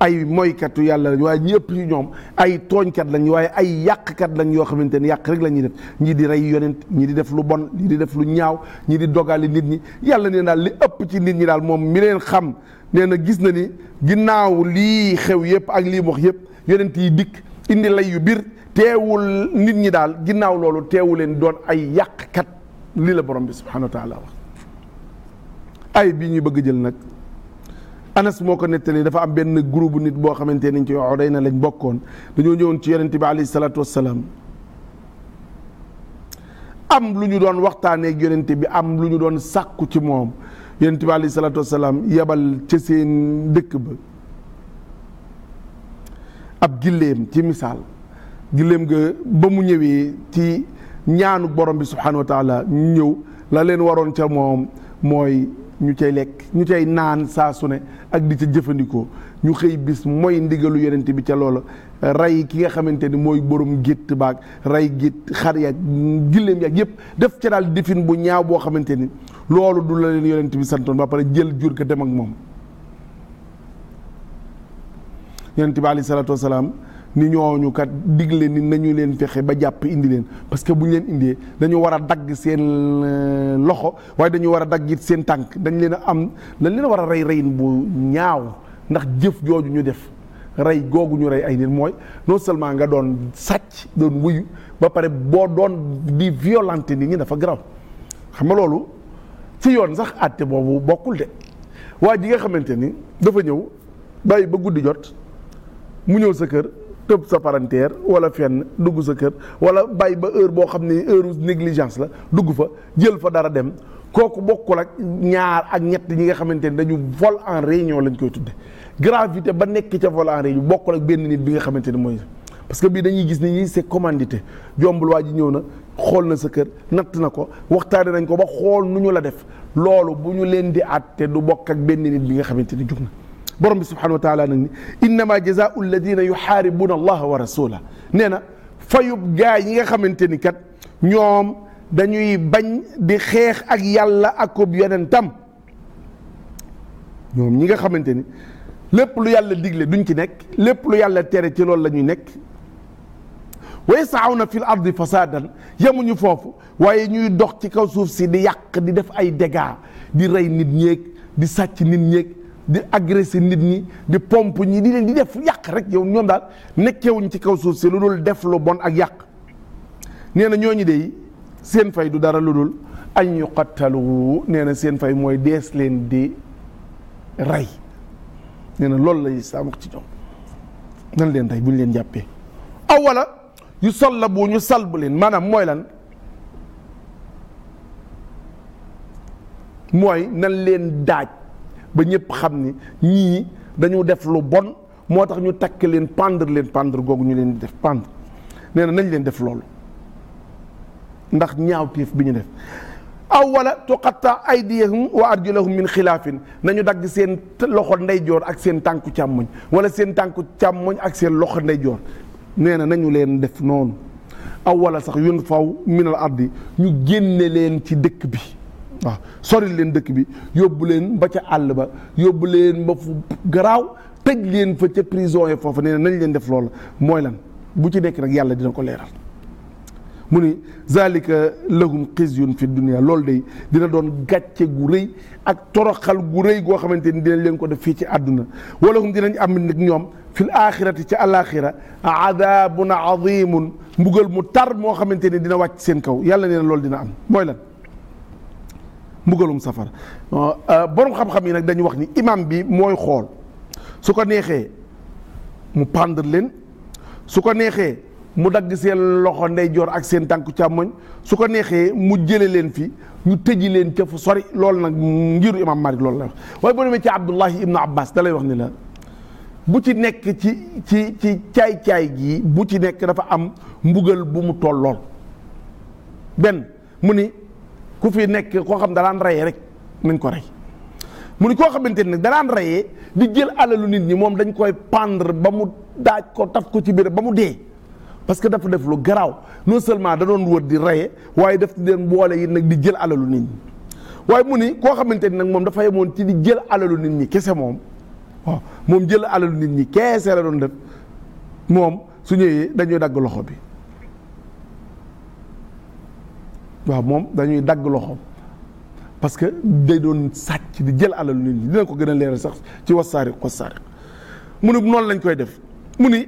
ay moykatu yàlla lañ waaye ñi ëpp ci ñoom ay tooñkat lañ waaye ay yàqkat lañ yoo xamante ni yàq rek la ñuy def ñii di rey yonent ñii di def lu bon ñii di def lu ñaaw ñii di dogali nit ñi yàlla nee daal li ëpp ci nit ñi daal moom mi leen xam nee na gis na ni ginnaaw lii xew yëpp ak lii wax yëpp yonent yi dikk indi lay yu biir teewul nit ñi daal ginnaaw loolu teewu leen doon ay yàqkat lii la borom bi subhanahu wa taala wax ay bii jël nag anas moo ko nettali dafa am benn groupe nit boo xamante niñ ci day na lañ bokkoon dañoo ñëwoon ci yonent bi alayhi wassalaam am lu ñu doon waxtaanee ak yonent bi am lu ñu doon sàkku ci moom yonent bi alayhi salaatu wassalaam yebal ca seen dëkk ba ab gilleem ci misaal gilleem nga ba mu ñëwee ci ñaanu borom bi subhanahu wa taala ñëw la leen waroon ca moom mooy ñu cay lekk ñu cay naan saa su ne ak di ca jëfandikoo ñu xëy bis mooy ndigalu yonent bi ca loola rey ki nga xamante ni mooy borom gétt baag rey gétt xar yaag gilleem yaag yëpp def ca daal defin bu ñaaw boo xamante ni loolu du la leen yonent bi santoon ba pare jël jur ka dem ak moom yonent bi alayhi salaatu wasalaam ni ñooñu kat digle ni nañu leen fexe ba jàpp indi leen parce que bu ñu leen indee dañu war a dagg seen euh, loxo waaye dañu war a dagg it seen tànk dañ leen a am dañ leen war a rey reyin bu ñaaw ndax jëf jooju ñu def rey googu ñu rey ay nit mooy non seulement nga doon sàcc doon wuyu ba pare boo doon di violenter nit ñi dafa garaaw xam nga loolu ci yoon sax àtte boobu bokkul de waa ji nga xamante ni dafa ñëw bàyyi ba guddi jot mu ñëw sa kër. tëb sa parentière wala fenn dugg sa kër wala bàyyi ba heure boo xam ne heure négligence la dugg fa jël fa dara dem kooku bokkul ak ñaar ak ñett ñi nga xamante ne dañu vol en réunion lañ koy tudde gravité ba nekk ca vol en réunion bokkul ak benn nit bi nga xamante ne mooy parce que bii dañuy gis ni ñi c'est commandité jombul waa ji ñëw na xool na sa kër natt na ko waxtaane nañ ko ba xool nu ñu la def loolu bu ñu leen di àtte du bokk ak benn nit bi nga xamante ne jug na borom bi subhanahu wa taala nag ni innama jazaau alladina yuxaaribuna allaha wa rasula nee na fayub gaa yi nga xamante ni kat ñoom dañuy bañ di xeex ak yàlla ak ko yonentam ñoom ñi nga xamante ni lépp lu yàlla digle duñ ci nekk lépp lu yàlla tere ci loolu la ñuy nekk wa yasaawna fi l ardi yemuñu foofu waaye ñuy dox ci kaw suuf si di yàq di def ay dégâts di rey nit ñeeg di sàcc nit ñeeg di agressé nit ñi di pompe ñi di leen di def yàq rek yow ñoom daal nekkewuñ ci kaw suuf si lu dul def lu bon ak yàq nee na ñooñu de seen fay du dara lu dul añ yu qattalu nee seen fay mooy dees leen di rey nee na loolu la islaam wax ci ñoom nan leen rey bu ñu leen jàppee aw wala yu sallabu ñu salbu leen maanaam mooy lan mooy nan leen daaj ba ñëpp xam ni ñii dañu def lu bon moo tax ñu takk leen pendre leen pendre googu ñu leen di def pendre nee na nañ leen def loolu ndax ñaaw ñaawteef bi ñu def aw wala tuqatta aydiyahum wa arjulahum min xilaafin nañu dagg seen loxo ndeyjoor ak seen tànku càmmoñ wala seen tànku càmmoñ ak seen loxo ndeyjoor nee na nañu leen def noonu aw wala sax yun faw min al ardi ñu génne leen ci dëkk bi waaw sori leen dëkk bi yóbbu leen ba ca àll ba yóbbu leen ba fu garaaw teg leen fa ca prison yi foofu nee nañ leen def loolu mooy lan bu ci nekk rek yàlla dina ko leeral mu ni zalika lahum xisyun fi dunia loolu day dina doon gàcce gu rëy ak toroxal gu rëy goo xamante ni dinañ leen ko def fii ci àdduna wala hum dinañ am nag ñoom fil axirati ci alaxira adabun azimun mbugal mu tar moo xamante ni dina wàcc seen kaw yàlla nee na loolu dina am mooy lan mbugalum safara ah, ah, boroom xam-xam yi nag dañu wax ni imam bi mooy xool su ko neexee mu pendre leen su ko neexee mu dagg seen loxo ndeyjoor ak seen tànku càmmoñ su ko neexee mu jële leen fi ñu tëji leen ca fu sori loolu nag ngiru imam Malik loolu la wax waaye boo demee ci Abdullahi ibnu Abbas da lay wax ni la bu ci nekk ci ci ci caay-caay gi bu ci nekk dafa am mbugal bu mu tollool benn mu ni ku fi nekk koo xam danaan rayee rek nañ ko rey mu ni koo xamante ne nag danaan rayee di jël alalu nit ñi moom dañ koy pendre ba mu daaj ko taf ko ci biir ba mu dee parce que dafa def lu garaaw non seulement da doon wër di rayee waaye daf leen boole yi nag di jël alalu nit ñi waaye mu ni koo xamante ni nag moom dafa yemoon ci di jël alalu nit ñi kese moom waaw moom jël alalu nit ñi kese la doon def moom su ñëwee dañuy dagg loxo bi waaw moom dañuy dagg loxoom parce que day doon sàcc di jël alal nit ñi dina ko gën a leeral sax ci wasaare wasaare mu ne noonu lañ koy def mu ni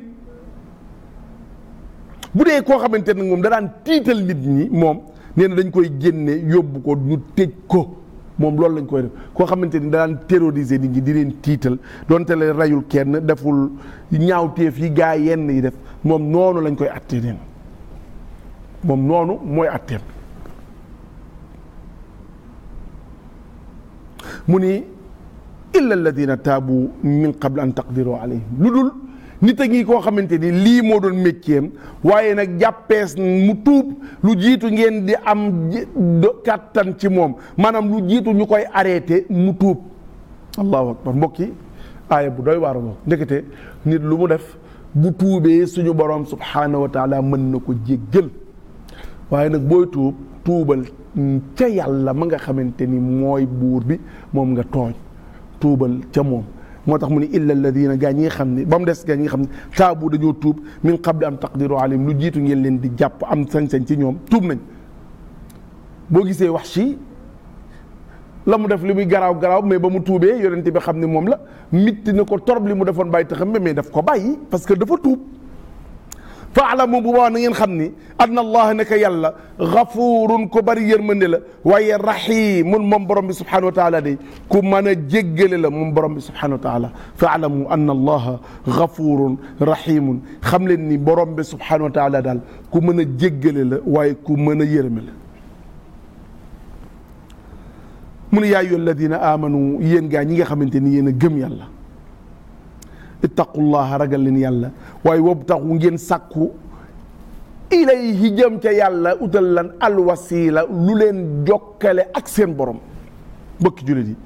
bu dee koo xamante ne moom da daan tiital nit ñi moom nee na dañ koy génne yóbbu ko ñu tëj ko moom loolu lañ koy def koo xamante ni da daan terroriser nit di leen tiital donte leen reyul kenn deful ñaaw ñaawteef yi gaa yenn yi def moom noonu lañ koy attee neen moom noonu mooy atteem mu ni illa alladina taabu min qable an taqdiru lu dul nit a ngi koo xamante ni lii moo doon métier waaye nag jàppees mu tuub lu jiitu ngeen di am kàttan ci moom maanaam lu jiitu ñu koy arrêté mu tuub allahu akbar mbokki aaya bu doy waaru ngo ndekete nit lu mu def bu tuubee suñu borom subhanahu wa mën na ko jéggal waaye nag booy tuub tuubal ca yàlla ma nga xamante ni mooy buur bi moom nga tooñ tuubal ca moom moo tax mu ne illa alladina gaa ñi nga xam ne ba mu des gaa ñi nga xam ne taabu dañoo tuub min qabli an taqdiru alayhim lu jiitu ngeen leen di jàpp am sañ-sañ ci ñoom tuub nañ boo gisee wax ci la mu def li muy garaaw garaaw mais ba mu tuubee yonent bi xam ne moom la mitti na ko torop li mu defoon bàyyi taxam mais def ko bàyyi parce que dafa tuub faalamu bu baax na ngeen xam ni anna allah naka yàlla xafuurun ku bari yërmande la waaye raxiimun moom borom bi subhanahu wa taala day ku mën a jéggale la moom borom bi subhanahu wa taala faalamu anna allah xafuurun raxiimun xam leen ni borom bi subhanahu daal ku mën a jéggale la waaye ku mën a yërme la mu ne yaa ayyuha alladina amanu yéen gaa ñi nga xamante ni yéen a gëm yàlla ittaqullaha ragal leen yàlla waaye tax wabtaxu ngeen sàkku ilayhi jëm ca yàlla utal lan alwasila lu leen jokkale ak seen borom mbokki jullit yi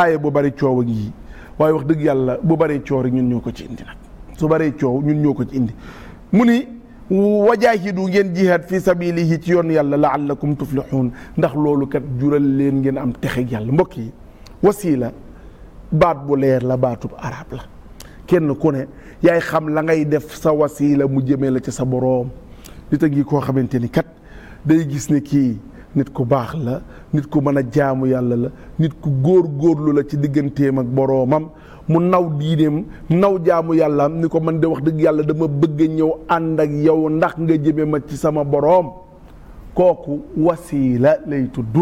aaye bu bari coow a ngi waaye wax dëgg yàlla bu baree coow rek ñun ñoo ko ci indi nag su baree coow ñun ñoo ko ci indi mu ni wajaahidu ngeen jihaad fi sabilihi ci yoon yàlla laallakum tuflixuun ndax loolu kat jural leen ngeen am texe yàlla mbokk yi wasiila baat bu leer la baatub araab la kenn ku ne yaay xam la ngay def sa wasiila mu jëmee la ci sa boroom nit a ngi koo xamante ni kat day gis ni kii nit ku baax la nit ku mën a jaamu yàlla la nit ku góor góorlu la ci digganteem ak boroomam mu naw diineem naw jaamu yàlla ni ko man de wax dëgg yàlla dama bëgg ñëw ànd ak yow ndax nga jëme ma ci sama boroom kooku wasiila lay tudd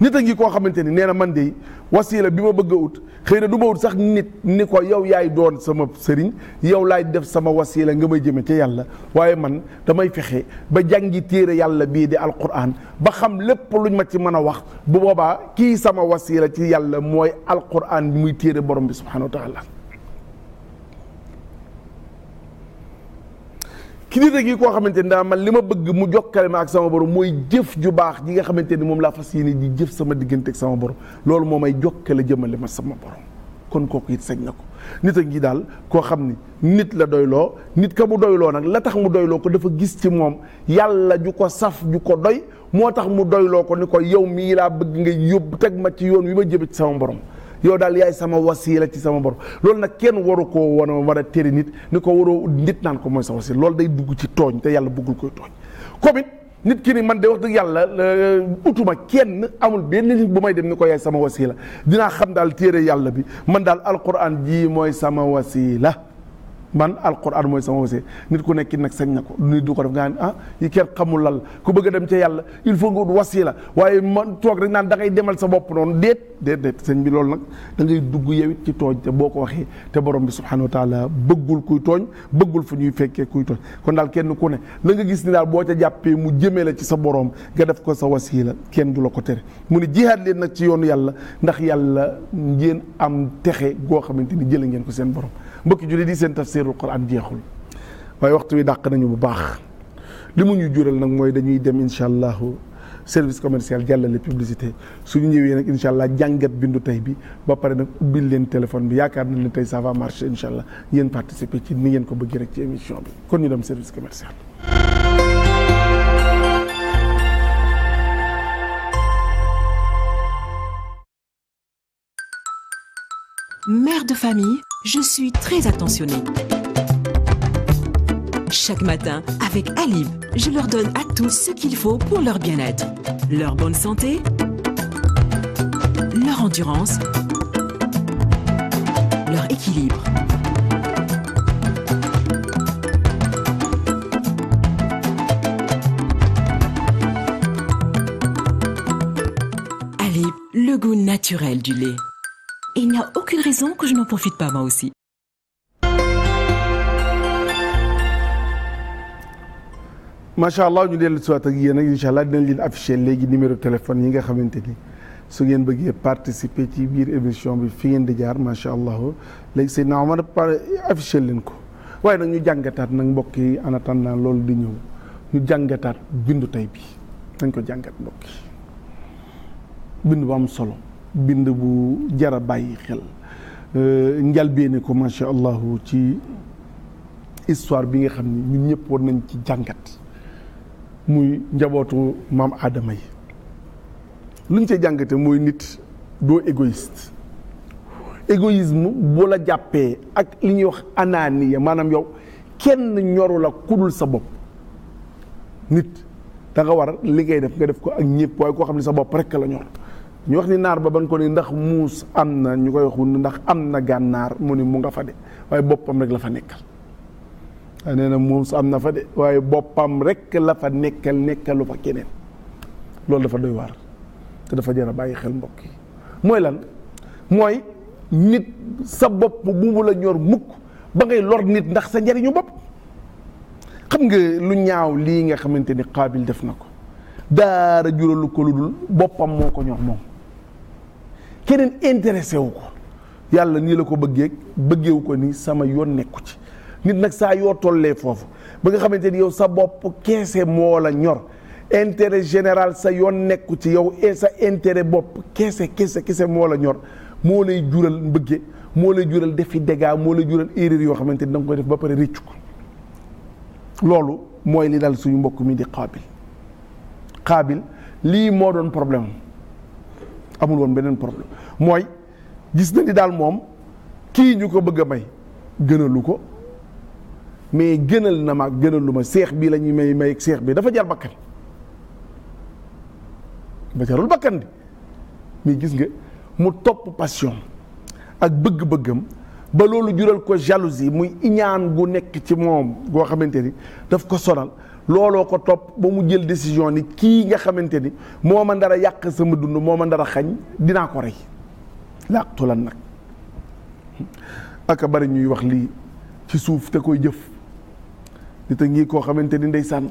nit a ngi koo xamante ni nee na man de wasiila bi ma bëgg a ut xëy na du ma ut sax nit ni ko yow yaay doon sama sëriñ yow laay def sama wasiila nga may jëme ci yàlla waaye man damay fexe ba jàngi téere yàlla bii di alquran ba xam lépp luñ ma ci mën a wax bu boobaa kii sama wasiila ci yàlla mooy alquran muy téere borom bi subhanahu wa taala kilifa gi koo xamante ni daa man li ma bëgg mu jokkale ma ak sama borom mooy jëf ju baax ji nga xamante ni moom laa fas yéene di jëf sama diggante ak sama borom loolu moo may jokkale jëmale ma sama borom kon kooku it sañ na ko nit a ngi daal koo xam ni nit la doyloo nit ka mu doyloo nag la tax mu doyloo ko dafa gis ci moom yàlla ju ko saf ju ko doy moo tax mu doyloo ko ni ko yow mii laa bëgg nga yóbbu teg ma ci yoon wi ma jëbe sama borom yow daal yaay sama wasiila ci sama borom loolu nag kenn waru koo wan a war a tëri nit ni ko waroo nit naan ko mooy sa wasiila loolu day dugg ci tooñ te yàlla bëggul koy tooñ comme nit ki ni man de wax dëgg yàlla euh, utuma kenn amul benn nit bu may dem ni ko yaay sama wasiila dinaa xam daal téere yàlla bi man daal alquran jii mooy sama wasiila man alquran mooy sama wasi nit ku nekki nag sañ na ko nit du ko def nga ah yi kenn xamul lal ku bëgg a dem ca yàlla il faut nga wasiila waaye man toog rek naan da ngay demal sa bopp noonu déet déet déet sëñ bi loolu nag da ngay dugg yow it ci tooñ te boo ko waxee te borom bi subhanahu wa taala bëggul kuy tooñ bëggul fu ñuy fekkee kuy tooñ kon daal kenn ku ne la nga gis ni daal boo ca jàppee mu jëmee la ci sa borom nga def ko sa wasiila kenn du la ko tere mu ne jihaad leen nag ci yoonu yàlla ndax yàlla ngeen am texe goo xamante ni jële ngeen ko seen borom mbokki jullit di seen tafsirul quran jeexul waaye waxtu wi dàq nañu bu baax li mu ñu jural nag mooy dañuy dem incha allahu service commercial jàllale publicité su ñu ñëwee nag incha allah jàngat bindu tey bi ba pare nag ubbil leen téléphone bi yaakaar nañ ne tey ça va marcher incha allah ngeen participer ci ni ngeen ko bëggee rek ci émission bi kon ñu dem service commercial. mère de famille, je suis très attentionnée. Chaque matin, avec Alib, je leur donne à tous ce qu'il faut pour leur bien-être. Leur bonne santé, leur endurance, leur équilibre. Alib, le goût naturel du lait. Et il n'y a aucune allah ñu dellu si waat ak yéen ak incha allah dinañ leen affiché léegi numéro téléphone yi nga xamante ni su ngeen bëggee participer ci biir émission bi fi ngeen di jaar macha allah léegi sëñ naa Omar affiché leen ko waaye nag ñu jàngataat nag mbokk yi en attendant loolu di ñëw ñu jàngataat bindu tey bi dañ ko jàngat mbokk bindu bu am solo. bind bu jara bàyyi xel euh, njalbeene ko macha allah ci histoire bi nga xam ni ñu ñëpp war nañ ci jàngat muy njabootu maam aadama yi luñ ci jàngate mooy nit doo égoïste égoïsme boo la jàppee ak li ñuy wax ananiya maanaam yow kenn ñoru la kudul sa bopp nit da nga war li ngay def nga def ko ak ñëpp waaye koo xam ne sa bopp rekk la ñor ñu wax ni naar ba ban ko ni ndax muus am na ñu koy wax ndax am na gànnaar mu ni mu nga fa de waaye boppam rek la fa nekkal a nee na muus am na fa waaye boppam rek la fa nekkal nekkalu fa keneen loolu dafa doy waar te dafa jar a bàyyi xel mbokk yi mooy lan mooy nit sa bopp bu mu la ñor mukk ba ngay lor nit ndax sa njariñu bopp xam nga lu ñaaw lii nga xamante ni Qaabil def na ko daara juralu ko lu dul boppam moo ko ñor moom keneen intéressé wu ko yàlla nii la ko bëggee bëggeewu ko ni sama yoon nekku ci nit nag saa yoo tollee foofu ba nga xamante ni yow sa bopp keese moo la ñor intérêt général sa yoon nekku ci yow sa intérêt bopp keese keese keese moo la ñor moo lay jural mbëgge moo lay jural defi dégâts moo la jural erreur yoo xamante ni da nga koy def ba pare réccu ko loolu mooy li dal suñu mbokk mi di xaabil xaabil lii moo doon problème amul woon beneen problème mooy gis na ni daal moom kii ñu ko bëgg a may gënalu ko mais gënal na ma gënalu ma seex bii la ñuy may may seex bi dafa jar bakkan ba jarul bakkan di mais gis nga mu topp passion ak bëgg-bëggam ba loolu jural ko jalousie muy iñaan gu nekk ci moom goo xamante ni daf ko sonal looloo ko topp ba mu jël décision ni kii nga xamante ni moo ma dara yàq sama dund moo ma dara xañ dinaa ko rey lan nag aka bari ñuy wax lii ci suuf te koy jëf nit a ngi koo xamante ni ndeysaan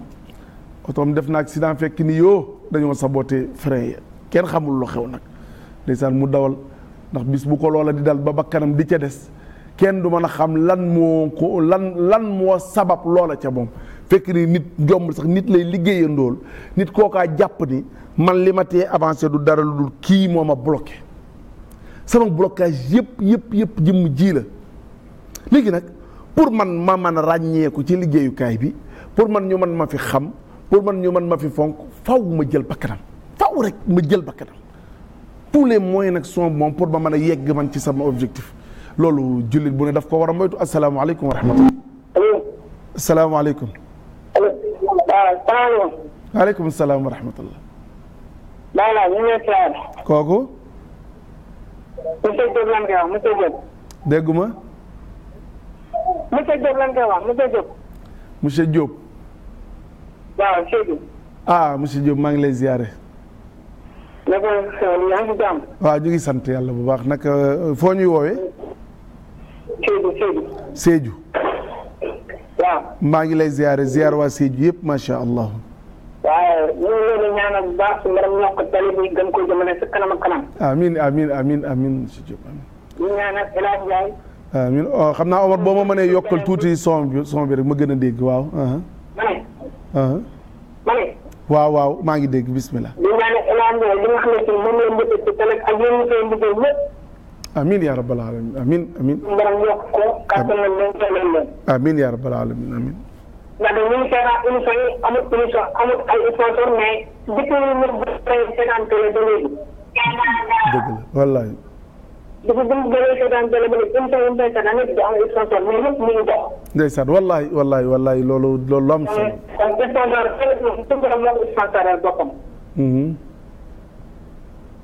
otoom def na accident fekk ni yoo dañoo sa saboté frein kenn xamul lu xew nag ndeysaan mu dawal ndax bis bu ko loola di dal ba bakkanam di ca des kenn du mën a xam lan moo ko lan lan moo sabab loola ca moom fekk ni nit jomb sax nit lay liggéeyandool nit kookaa jàpp ni man li ma tee avancé du dara lu dul kii moo ma bloqué sama blocage yëpp yëpp yëpp jëmm ji la léegi nag pour man ma man ràññeeku ci liggéeyukaay bi pour man ñu man ma fi xam pour man ñu man ma fi fonk faw ma jël bakkanam faw rek ma jël bakkanam tous les moyens nag sont moom pour ma mën a yegg man ci sama objectif loolu jullit bu ne daf ko war a moytu asalaamaaleykum wa rahmatullah salaamaaleykum salaamaaleykum. waaleykum salaam wa rahmatullah. maanaam ñu ngi lay siyaar. kooku. monsieur Diop lan koy wax monsieur Diop. lan koy wax monsieur Diop. monsieur Diop. waaw monsieur Diop. ah monsieur Diop maa ngi lay ziare. naka yaa ngi jàmm. waaw ñu ngi sant yàlla bu baax naka foo ñuy woowee. waaw maa ngi lay ziare ziar waa Sédhiou yëpp macha allah. waaw ñu ngi leen di baax su borom yokk tali bi gën ko jëmale sa kanam ak kanam. amiin amiin amiin amiin. ñu ñaanal oh, xam naa Omar boo ma mënee yokkal tuuti son bi son ma gën a dégg waaw. Uh-huh. ma uh-huh. waaw waaw maa ngi dégg bismillah. amiin yaa rabbal alamin amiin amiin. maanaam yokk ko kàttan nañ leen dooleel leen. amiin yaa rabbal alamin amiin. ndax de ñu ngi seetaan émission yi amul émission amul ay sponsor mais depuis ñu mën ba tey seetaan télé ba léegi. dëgg la wallaay. dafa gën a bëri seetaan télé ba léegi émission yi mu koy seetaan yëpp di am sponsor mais lépp mu ngi dox. ndeysaan wallaay wallaay wallaay loolu loolu am solo. kon sponsor télé bi suñu borom moo ko sponsoral boppam. Mm-hmm.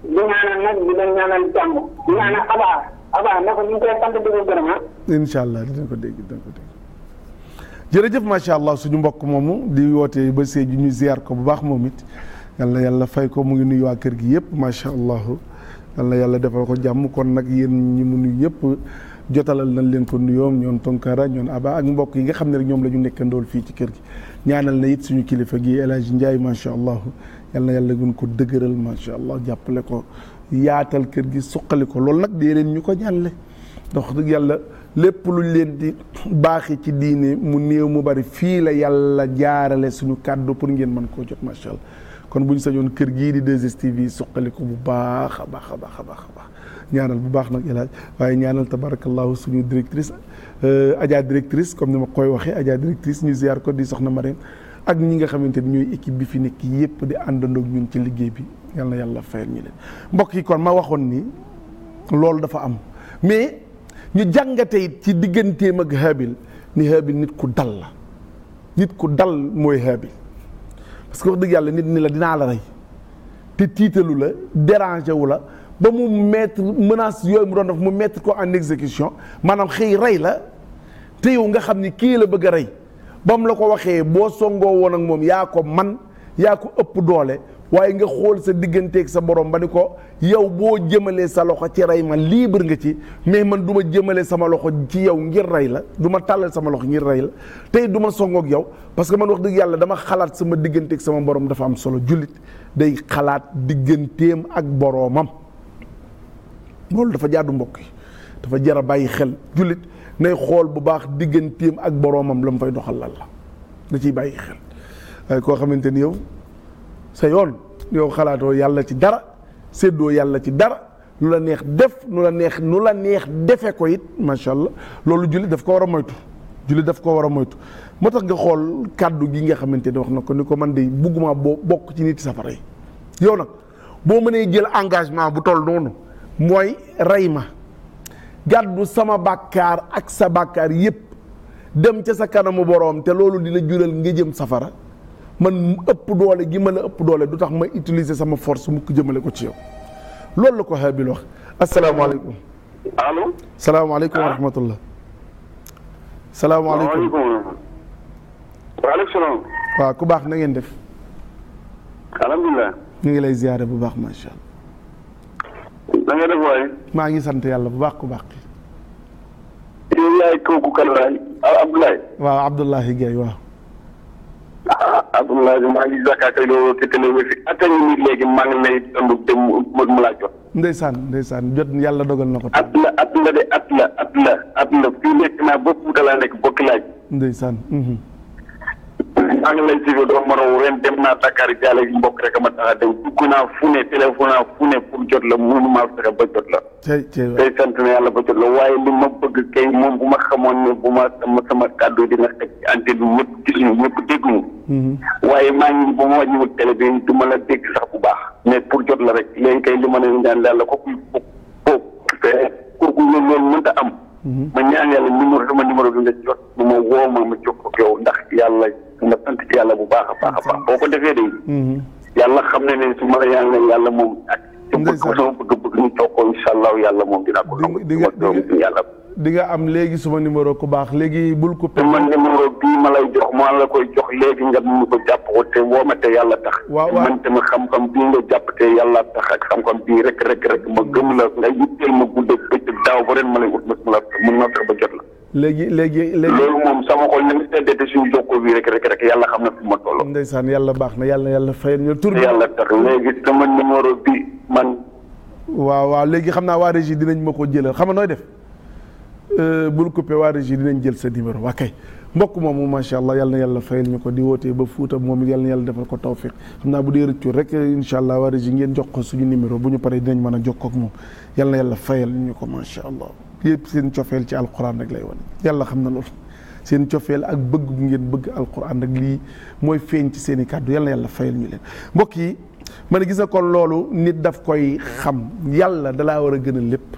di ñaanal nag di leen ñaanal jàmm di ñaanal abaa abaa na ko ñu ngi koy sant di ko gërëm ah. incha allah dinañ ko dégg dinañ ko dégg. jërëjëf macha allah suñu mbokk moomu di woote ba Sédhiou ñu ziar ko bu baax moom it yàlla yàlla fay ko mu ngi nuyu waa kër gi yëpp macha allah yàlla yàlla defal ko jàmm kon nag yéen ñi mu nuyu yëpp jotalal nañ leen ko nuyoom ñoon Tonkara ñoon Aba ak mbokk yi nga xam ne rek ñoom la ñu nekkandool fii ci kër gi ñaanal na it suñu kilifa gi El Hadj Ndiaye yal na yàlla gën ko dëgëral macha allah jàppale ko yaatal kër gi suqali ko loolu nag dee leen ñu ko ñaanle dox dëgg yàlla lépp luñ leen di baaxi ci diine mu néew mu bari fii la yàlla jaarale suñu kàddu pour ngeen mën koo jot macha allah kon bu ñu ñoon kër gii di 2STV yi suqali ko bu baax a baax a baax a baax a ñaanal bu baax nag ilaaj waaye ñaanal tabarakallahu suñu directrice euh, ajaa directrice comme ni ma koy waxee ajaa directrice ñu ziar ko di soxna Marème ak ñi nga xamante ni ñooy équipe bi fi nekk yépp di àndandoog ñun ci liggéey bi yal na yàlla fayal ñu leen mbokk yi kon ma waxoon ni loolu dafa am mais ñu jàngate it ci digganteem ak Haabil ni Haabil nit ku dal la nit ku dal mooy Haabil parce que wax dëgg yàlla nit ni la dinaa la rey te tiitalu la dérangé wu la ba mu mettre menace yooyu mu doon def mu mettre ko en exécution maanaam xëy rey la te yow nga xam ni kii la bëgg a rey ba mu la ko waxee boo songoo woon ak moom yaa ko man yaa ko ëpp doole waaye nga xool sa digganteek sa borom ba ni ko yow boo jëmalee sa loxo ci rey ma libre nga ci mais man duma ma sama loxo ci yow ngir rey la du ma tàllal sama loxo ngir rey la tey du ma songoog yow parce que man wax dëgg yàlla dama xalaat sama digganteeg sama borom dafa am solo jullit day xalaat digganteem ak boroomam loolu dafa jaadu mbokk yi dafa jar a bàyyi xel jullit nay xool bu baax digganteem ak boroomam la mu fay doxal lal la da ciy bàyyi xel koo xamante ni yow sa yoon yow xalaatoo yàlla ci dara séddoo yàlla ci dara lu la neex def nu la neex nu la neex defe ko it macha allah loolu jullit daf ko war a moytu jullit daf ko war a moytu moo tax nga xool kàddu gi nga xamante ne wax na ko ni ko man de bugguma boo bokk ci nit safara yi yow nag boo mënee jël engagement bu toll noonu mooy rey ma gàddu sama bàkkaar ak sa bàkkaar yépp dem ca sa kanamu boroom te loolu di la jural nga jëm safara man ëpp doole gi ma la ëpp doole du tax ma utiliser sama force mukk jëmale ko ci yow loolu la ko Haabil wax asalaamaaleykum. allo. salaamaaleykum wa rahmatullah. salaamaaleykum waaw ku baax na ngeen def. alhamdulilah. ñu ngi lay ziyaare bu baax macha allah. danga nga def waaye. maa ngi sant yàlla bu baax bu baax. yow yaay kooku kan laay ah, Abdoulaye. waaw Abdoulaye Guèye waaw. ah Abdoulaye maa ngi jàkkaarloo loolu te télé bi fi attañu nit léegi maa ngi lay ëmb te mu laa jot. ndeysaan ndeysaan jot yàlla dogal na ko. at la at de at la fii nekk naa bopp bu dalaa nekk bokki laaj. ndeysaan. Mhm. maa ngi lay déglu doo morow ren dem naa Dakar jaale gi mbokk rek ma tax a dem dugg naa fu ne téléphone naa fu ne pour jot la mënu maa fexe ba jot la. tey sant na yàlla ba jot la waaye li ma bëgg kay moom bu ma xamoon ne bu ma sama sama kàddu dina xaj ci antenne bi ñëpp gis ñu ñëpp dégg ñu. Mhm. waaye maa ngi bu ma wàññiwul télé bi du ma la dégg sax bu baax mais pour jot la rek léegi kay li ma ne ñaan yàlla kooku kooku loolu loolu mënta am. Mhm. ma yàlla numéro dama numéro bi yow ndax yàlla. ma sant ci yàlla bu baax a baax a baax boo ko defee day mhm. yàlla xam ne ne su ma yàlla yàlla moom ak bëgg sama bëgg-bëgg ñu tokkoo incha allah yàlla moom dinaa ko nangu di nga yàlla di nga am léegi suma numéro ku baax léegi bul ko ma numéro bii ma lay jox ma la koy jox léegi nga mu ko jàpp ko te woo ma te yàlla tax waaw man te ma xam-xam bii nga jàpp te yàlla tax ak xam-xam bii rek rek rek ma gëm la nga yitteel ma guddee bëccëg daaw ba ren ma lay ut ma la mun naa fex ba jot la léegi léegi léegi loolu moom sama xol ni mu rek rek rek yàlla xam na fi ma toll. ndeysaan yàlla baax na yàlla yàlla fayal ñu tur. yàlla tax léegi sama numéro man. waaw waaw léegi xam naa waa régie dinañ ma ko jëlal xam nga nooy def euh, bul coupé waa régie dinañ jël sa numéro waa kay mbokk moomu macha allah yàlla na ñu ko di wootee ba Fuuta moom it yàlla na yàlla defal ko tawfiq naa bu dee rek incha allah waa régie ngeen jox ko suñu numéro bu ñu paree dinañ mën a jokkoo ak moom yàlla yàlla fayal ñu ko macha allah yëpp seen cofeel ci alquran rek lay wan yàlla xam na loolu seen cofeel ak bëgg ngeen bëgg alquran rek lii mooy feeñ ci seen i kàddu yàlla yàlla fayal ñu leen mbokk yi ma ne gis na kon loolu nit daf koy xam yàlla dalaa war a gën a lépp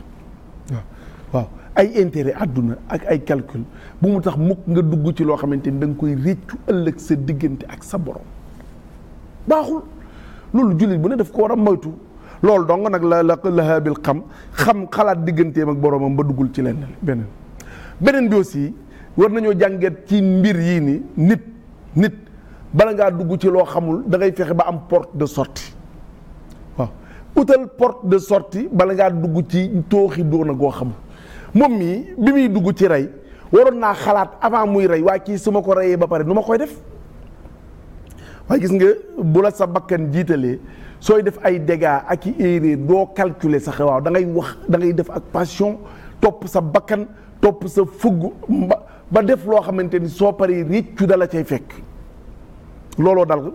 waaw ay intérêt àdduna ak ay calcul bu mu tax mukk nga dugg ci loo xamante ni danga koy réccu ëllëg sa diggante ak sa borom baaxul loolu jullit bu ne daf ko war a moytu loolu donc nag la la la haabil xam xam xalaat digganteem ak boroomam ba duggul ci leen beneen beneen bi aussi war nañoo jàngeet ci mbir yii ni nit nit bala ngaa dugg ci loo xamul dangay fexe ba am porte de sortie waaw utal porte de sortie bala ngaa dugg ci tooxi doona goo xamul moom mii bi muy dugg ci rey waroon naa xalaat avant muy rey waa kii su ma ko reyee ba pare nu ma koy def waaye gis nga bu la sa bakkan jiitalee sooy def ay dégâts ak i erreur doo calculer sax waaw da wax da def ak passion topp sa bakkan topp sa fugg ba def loo xamante ni soo paree réccu dala cay fekk looloo dal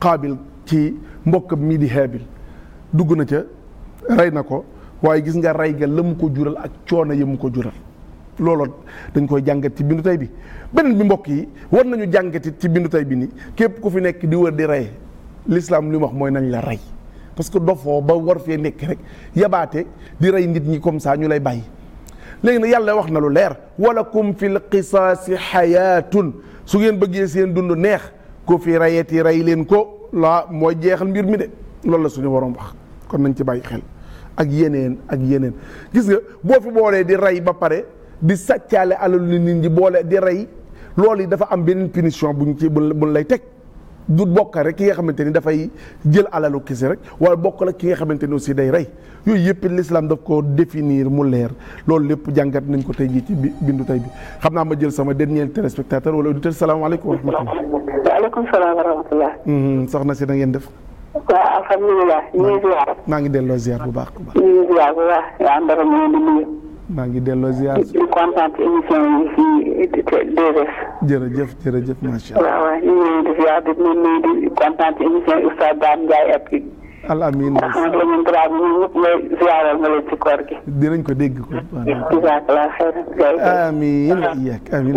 xaabil ci mbokk mii di xaabil dugg na ca rey na ko waaye gis nga rey ga la ko jural ak coono ya mu ko jural looloo dañ koy jàngat ci bindu tey bi beneen bi mbokk yi war nañu jàngatit ci bindu tey bi ni képp ku fi nekk di wër di rey lislaam li wax mooy nañ la rey parce que dofoo ba war fee nekk rek yabaate di rey nit ñi comme ça ñu lay bàyyi léegi nag yàlla wax na lu leer walakum fil qisaasi xayaatun su ngeen bëggee seen dund neex ku fi rayeti rey leen ko la mooy jeexal mbir mi de loolu la suñu waroon wax kon nañ ci bàyyi xel ak yeneen ak yeneen gis nga boo fi boolee di rey ba pare di sàccaale alalu nit ñi boole di rey loolu yi dafa am beneen punition buñ ci buñ lay teg du bokk rek ki nga xamante ni dafay jël alalu kese rek wala bokk la ki nga xamante ni aussi day rey yooyu yëpp l'islam daf ko définir mu leer loolu lépp jàngat nañ ko tey jii ci bindu tey bi xam naa ma jël sama dernier téléspectateur wala auditeur salaamaaleykum wa rahmatulah. waaleykum salaam wa rahmatulah. Hmm, soxna si na ngeen def. waaw alhamdulilah ñu ngi ziar. maa ngi delloo ziar bu baax bu baax. ñu ngi ziar bu baax. maa ngi delloo ziar. di kontaan ci émission yi fii 2S. jërëjëf jërëjëf macha allah. waaw waaw ñu ngi leen di di nuyu di kontaan ci émission al amin ndax nag la ñun tubaab ñun ñëpp nga ziyaaral nga leen ci koor gi. dinañ ko dégg ko. jazakallah xeyr. amiin wa iyaak amiin.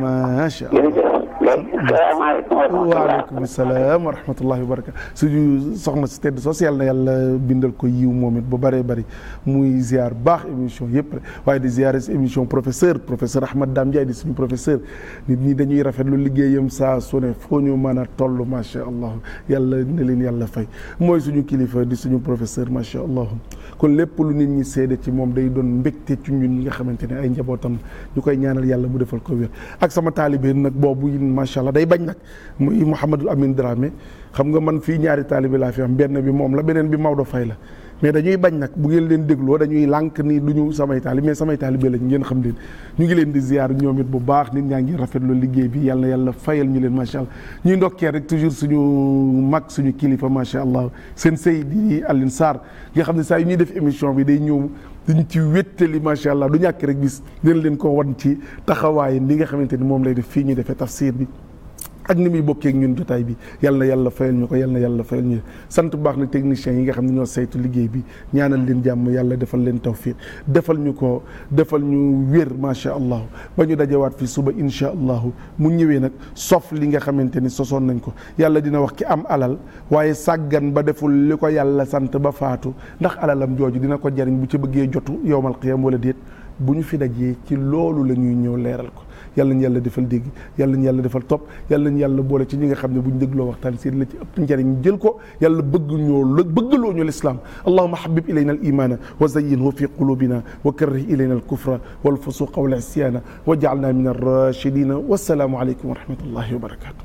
macha allah. waaleykum salaam wa rahmatullahi wa barakaatu. suñu soxna si tedd sos yàlla na yàlla bindal ko yiw moom it bu bëree bëri muy ziar baax émission yëpp rek waaye di ziare si émission professeur professeur Ahmad Dame Ndiaye di suñu professeur nit ñi dañuy rafetlu liggéeyam saa su ne foo ñu mën a toll macha allah yàlla na leen yàlla. a fay mooy suñu kilifa di suñu professeur macha allah kon lépp lu nit ñi seede ci moom day doon mbégte ci ñun ñi nga xamante ne ay njabootam ñu koy ñaanal yàlla mu defal ko wér ak sama taalibe nag boobu yi macha allah day bañ nag muy Mouhamadul Amin Dramé xam nga man fii ñaari taalibe laa fi am benn bi moom la beneen bi Maodo fay la mais dañuy bañ nag bu ngeen leen dégloo dañuy lànk ni du ñu samay taali mais samay taalibe lañ ngeen xam leen ñu ngi leen di ziar ñoom it bu baax nit ñaa ngi rafetlu liggéey bi yàlla yàlla fayal ñu leen macha allah ñuy ndokkee rek toujours suñu mag suñu kilifa macha allah seen sey di Alioune Sarr nga xam ne saa yu ñuy def émission bi day ñëw dañ ci wéttali macha allah du ñàkk rek bis dina leen ko wan ci taxawaay li nga xamante ni moom lay def fii ñuy defee tafsir bi ak ni muy bokkee ak ñun jotaay bi yàlla na yàlla fayal ñu ko yal na yàlla fayal ñu sant bu baax nag techniciens yi nga xam ne ñoo saytu liggéey bi ñaanal leen jàmm yàlla defal leen tawfiq defal ñu ko defal ñu wér macha allah ba ñu dajewaat fi suba incha allah mu ñëwee nag sof li nga xamante ni sosoon nañ ko yàlla dina wax ki am alal waaye sàggan ba deful li ko yàlla sant ba faatu ndax alalam jooju dina ko jariñ bu ci bëggee jotu yowmal qiyam wala déet bu ñu fi dajee ci loolu la ñuy ñëw leeral ko yàlla ñu yàlla defal dégg yàlla ñu yàlla defal topp yàlla ñu yàlla boole ci ñi nga xam ne bu ñu dégloo waxtaan seen la ci ëpp njëriñ ñu jël ko yàlla bëgg ñoo bëggaloo ñu lislaam allahuma habib ilayna al imana wa zayyinhu fi qulubina wa karrih ilayna al kufra wal fusuqa wal isyana waj'alna min ar-rashidina wassalaamu aleykum wa rahmatullahi wa barakatuh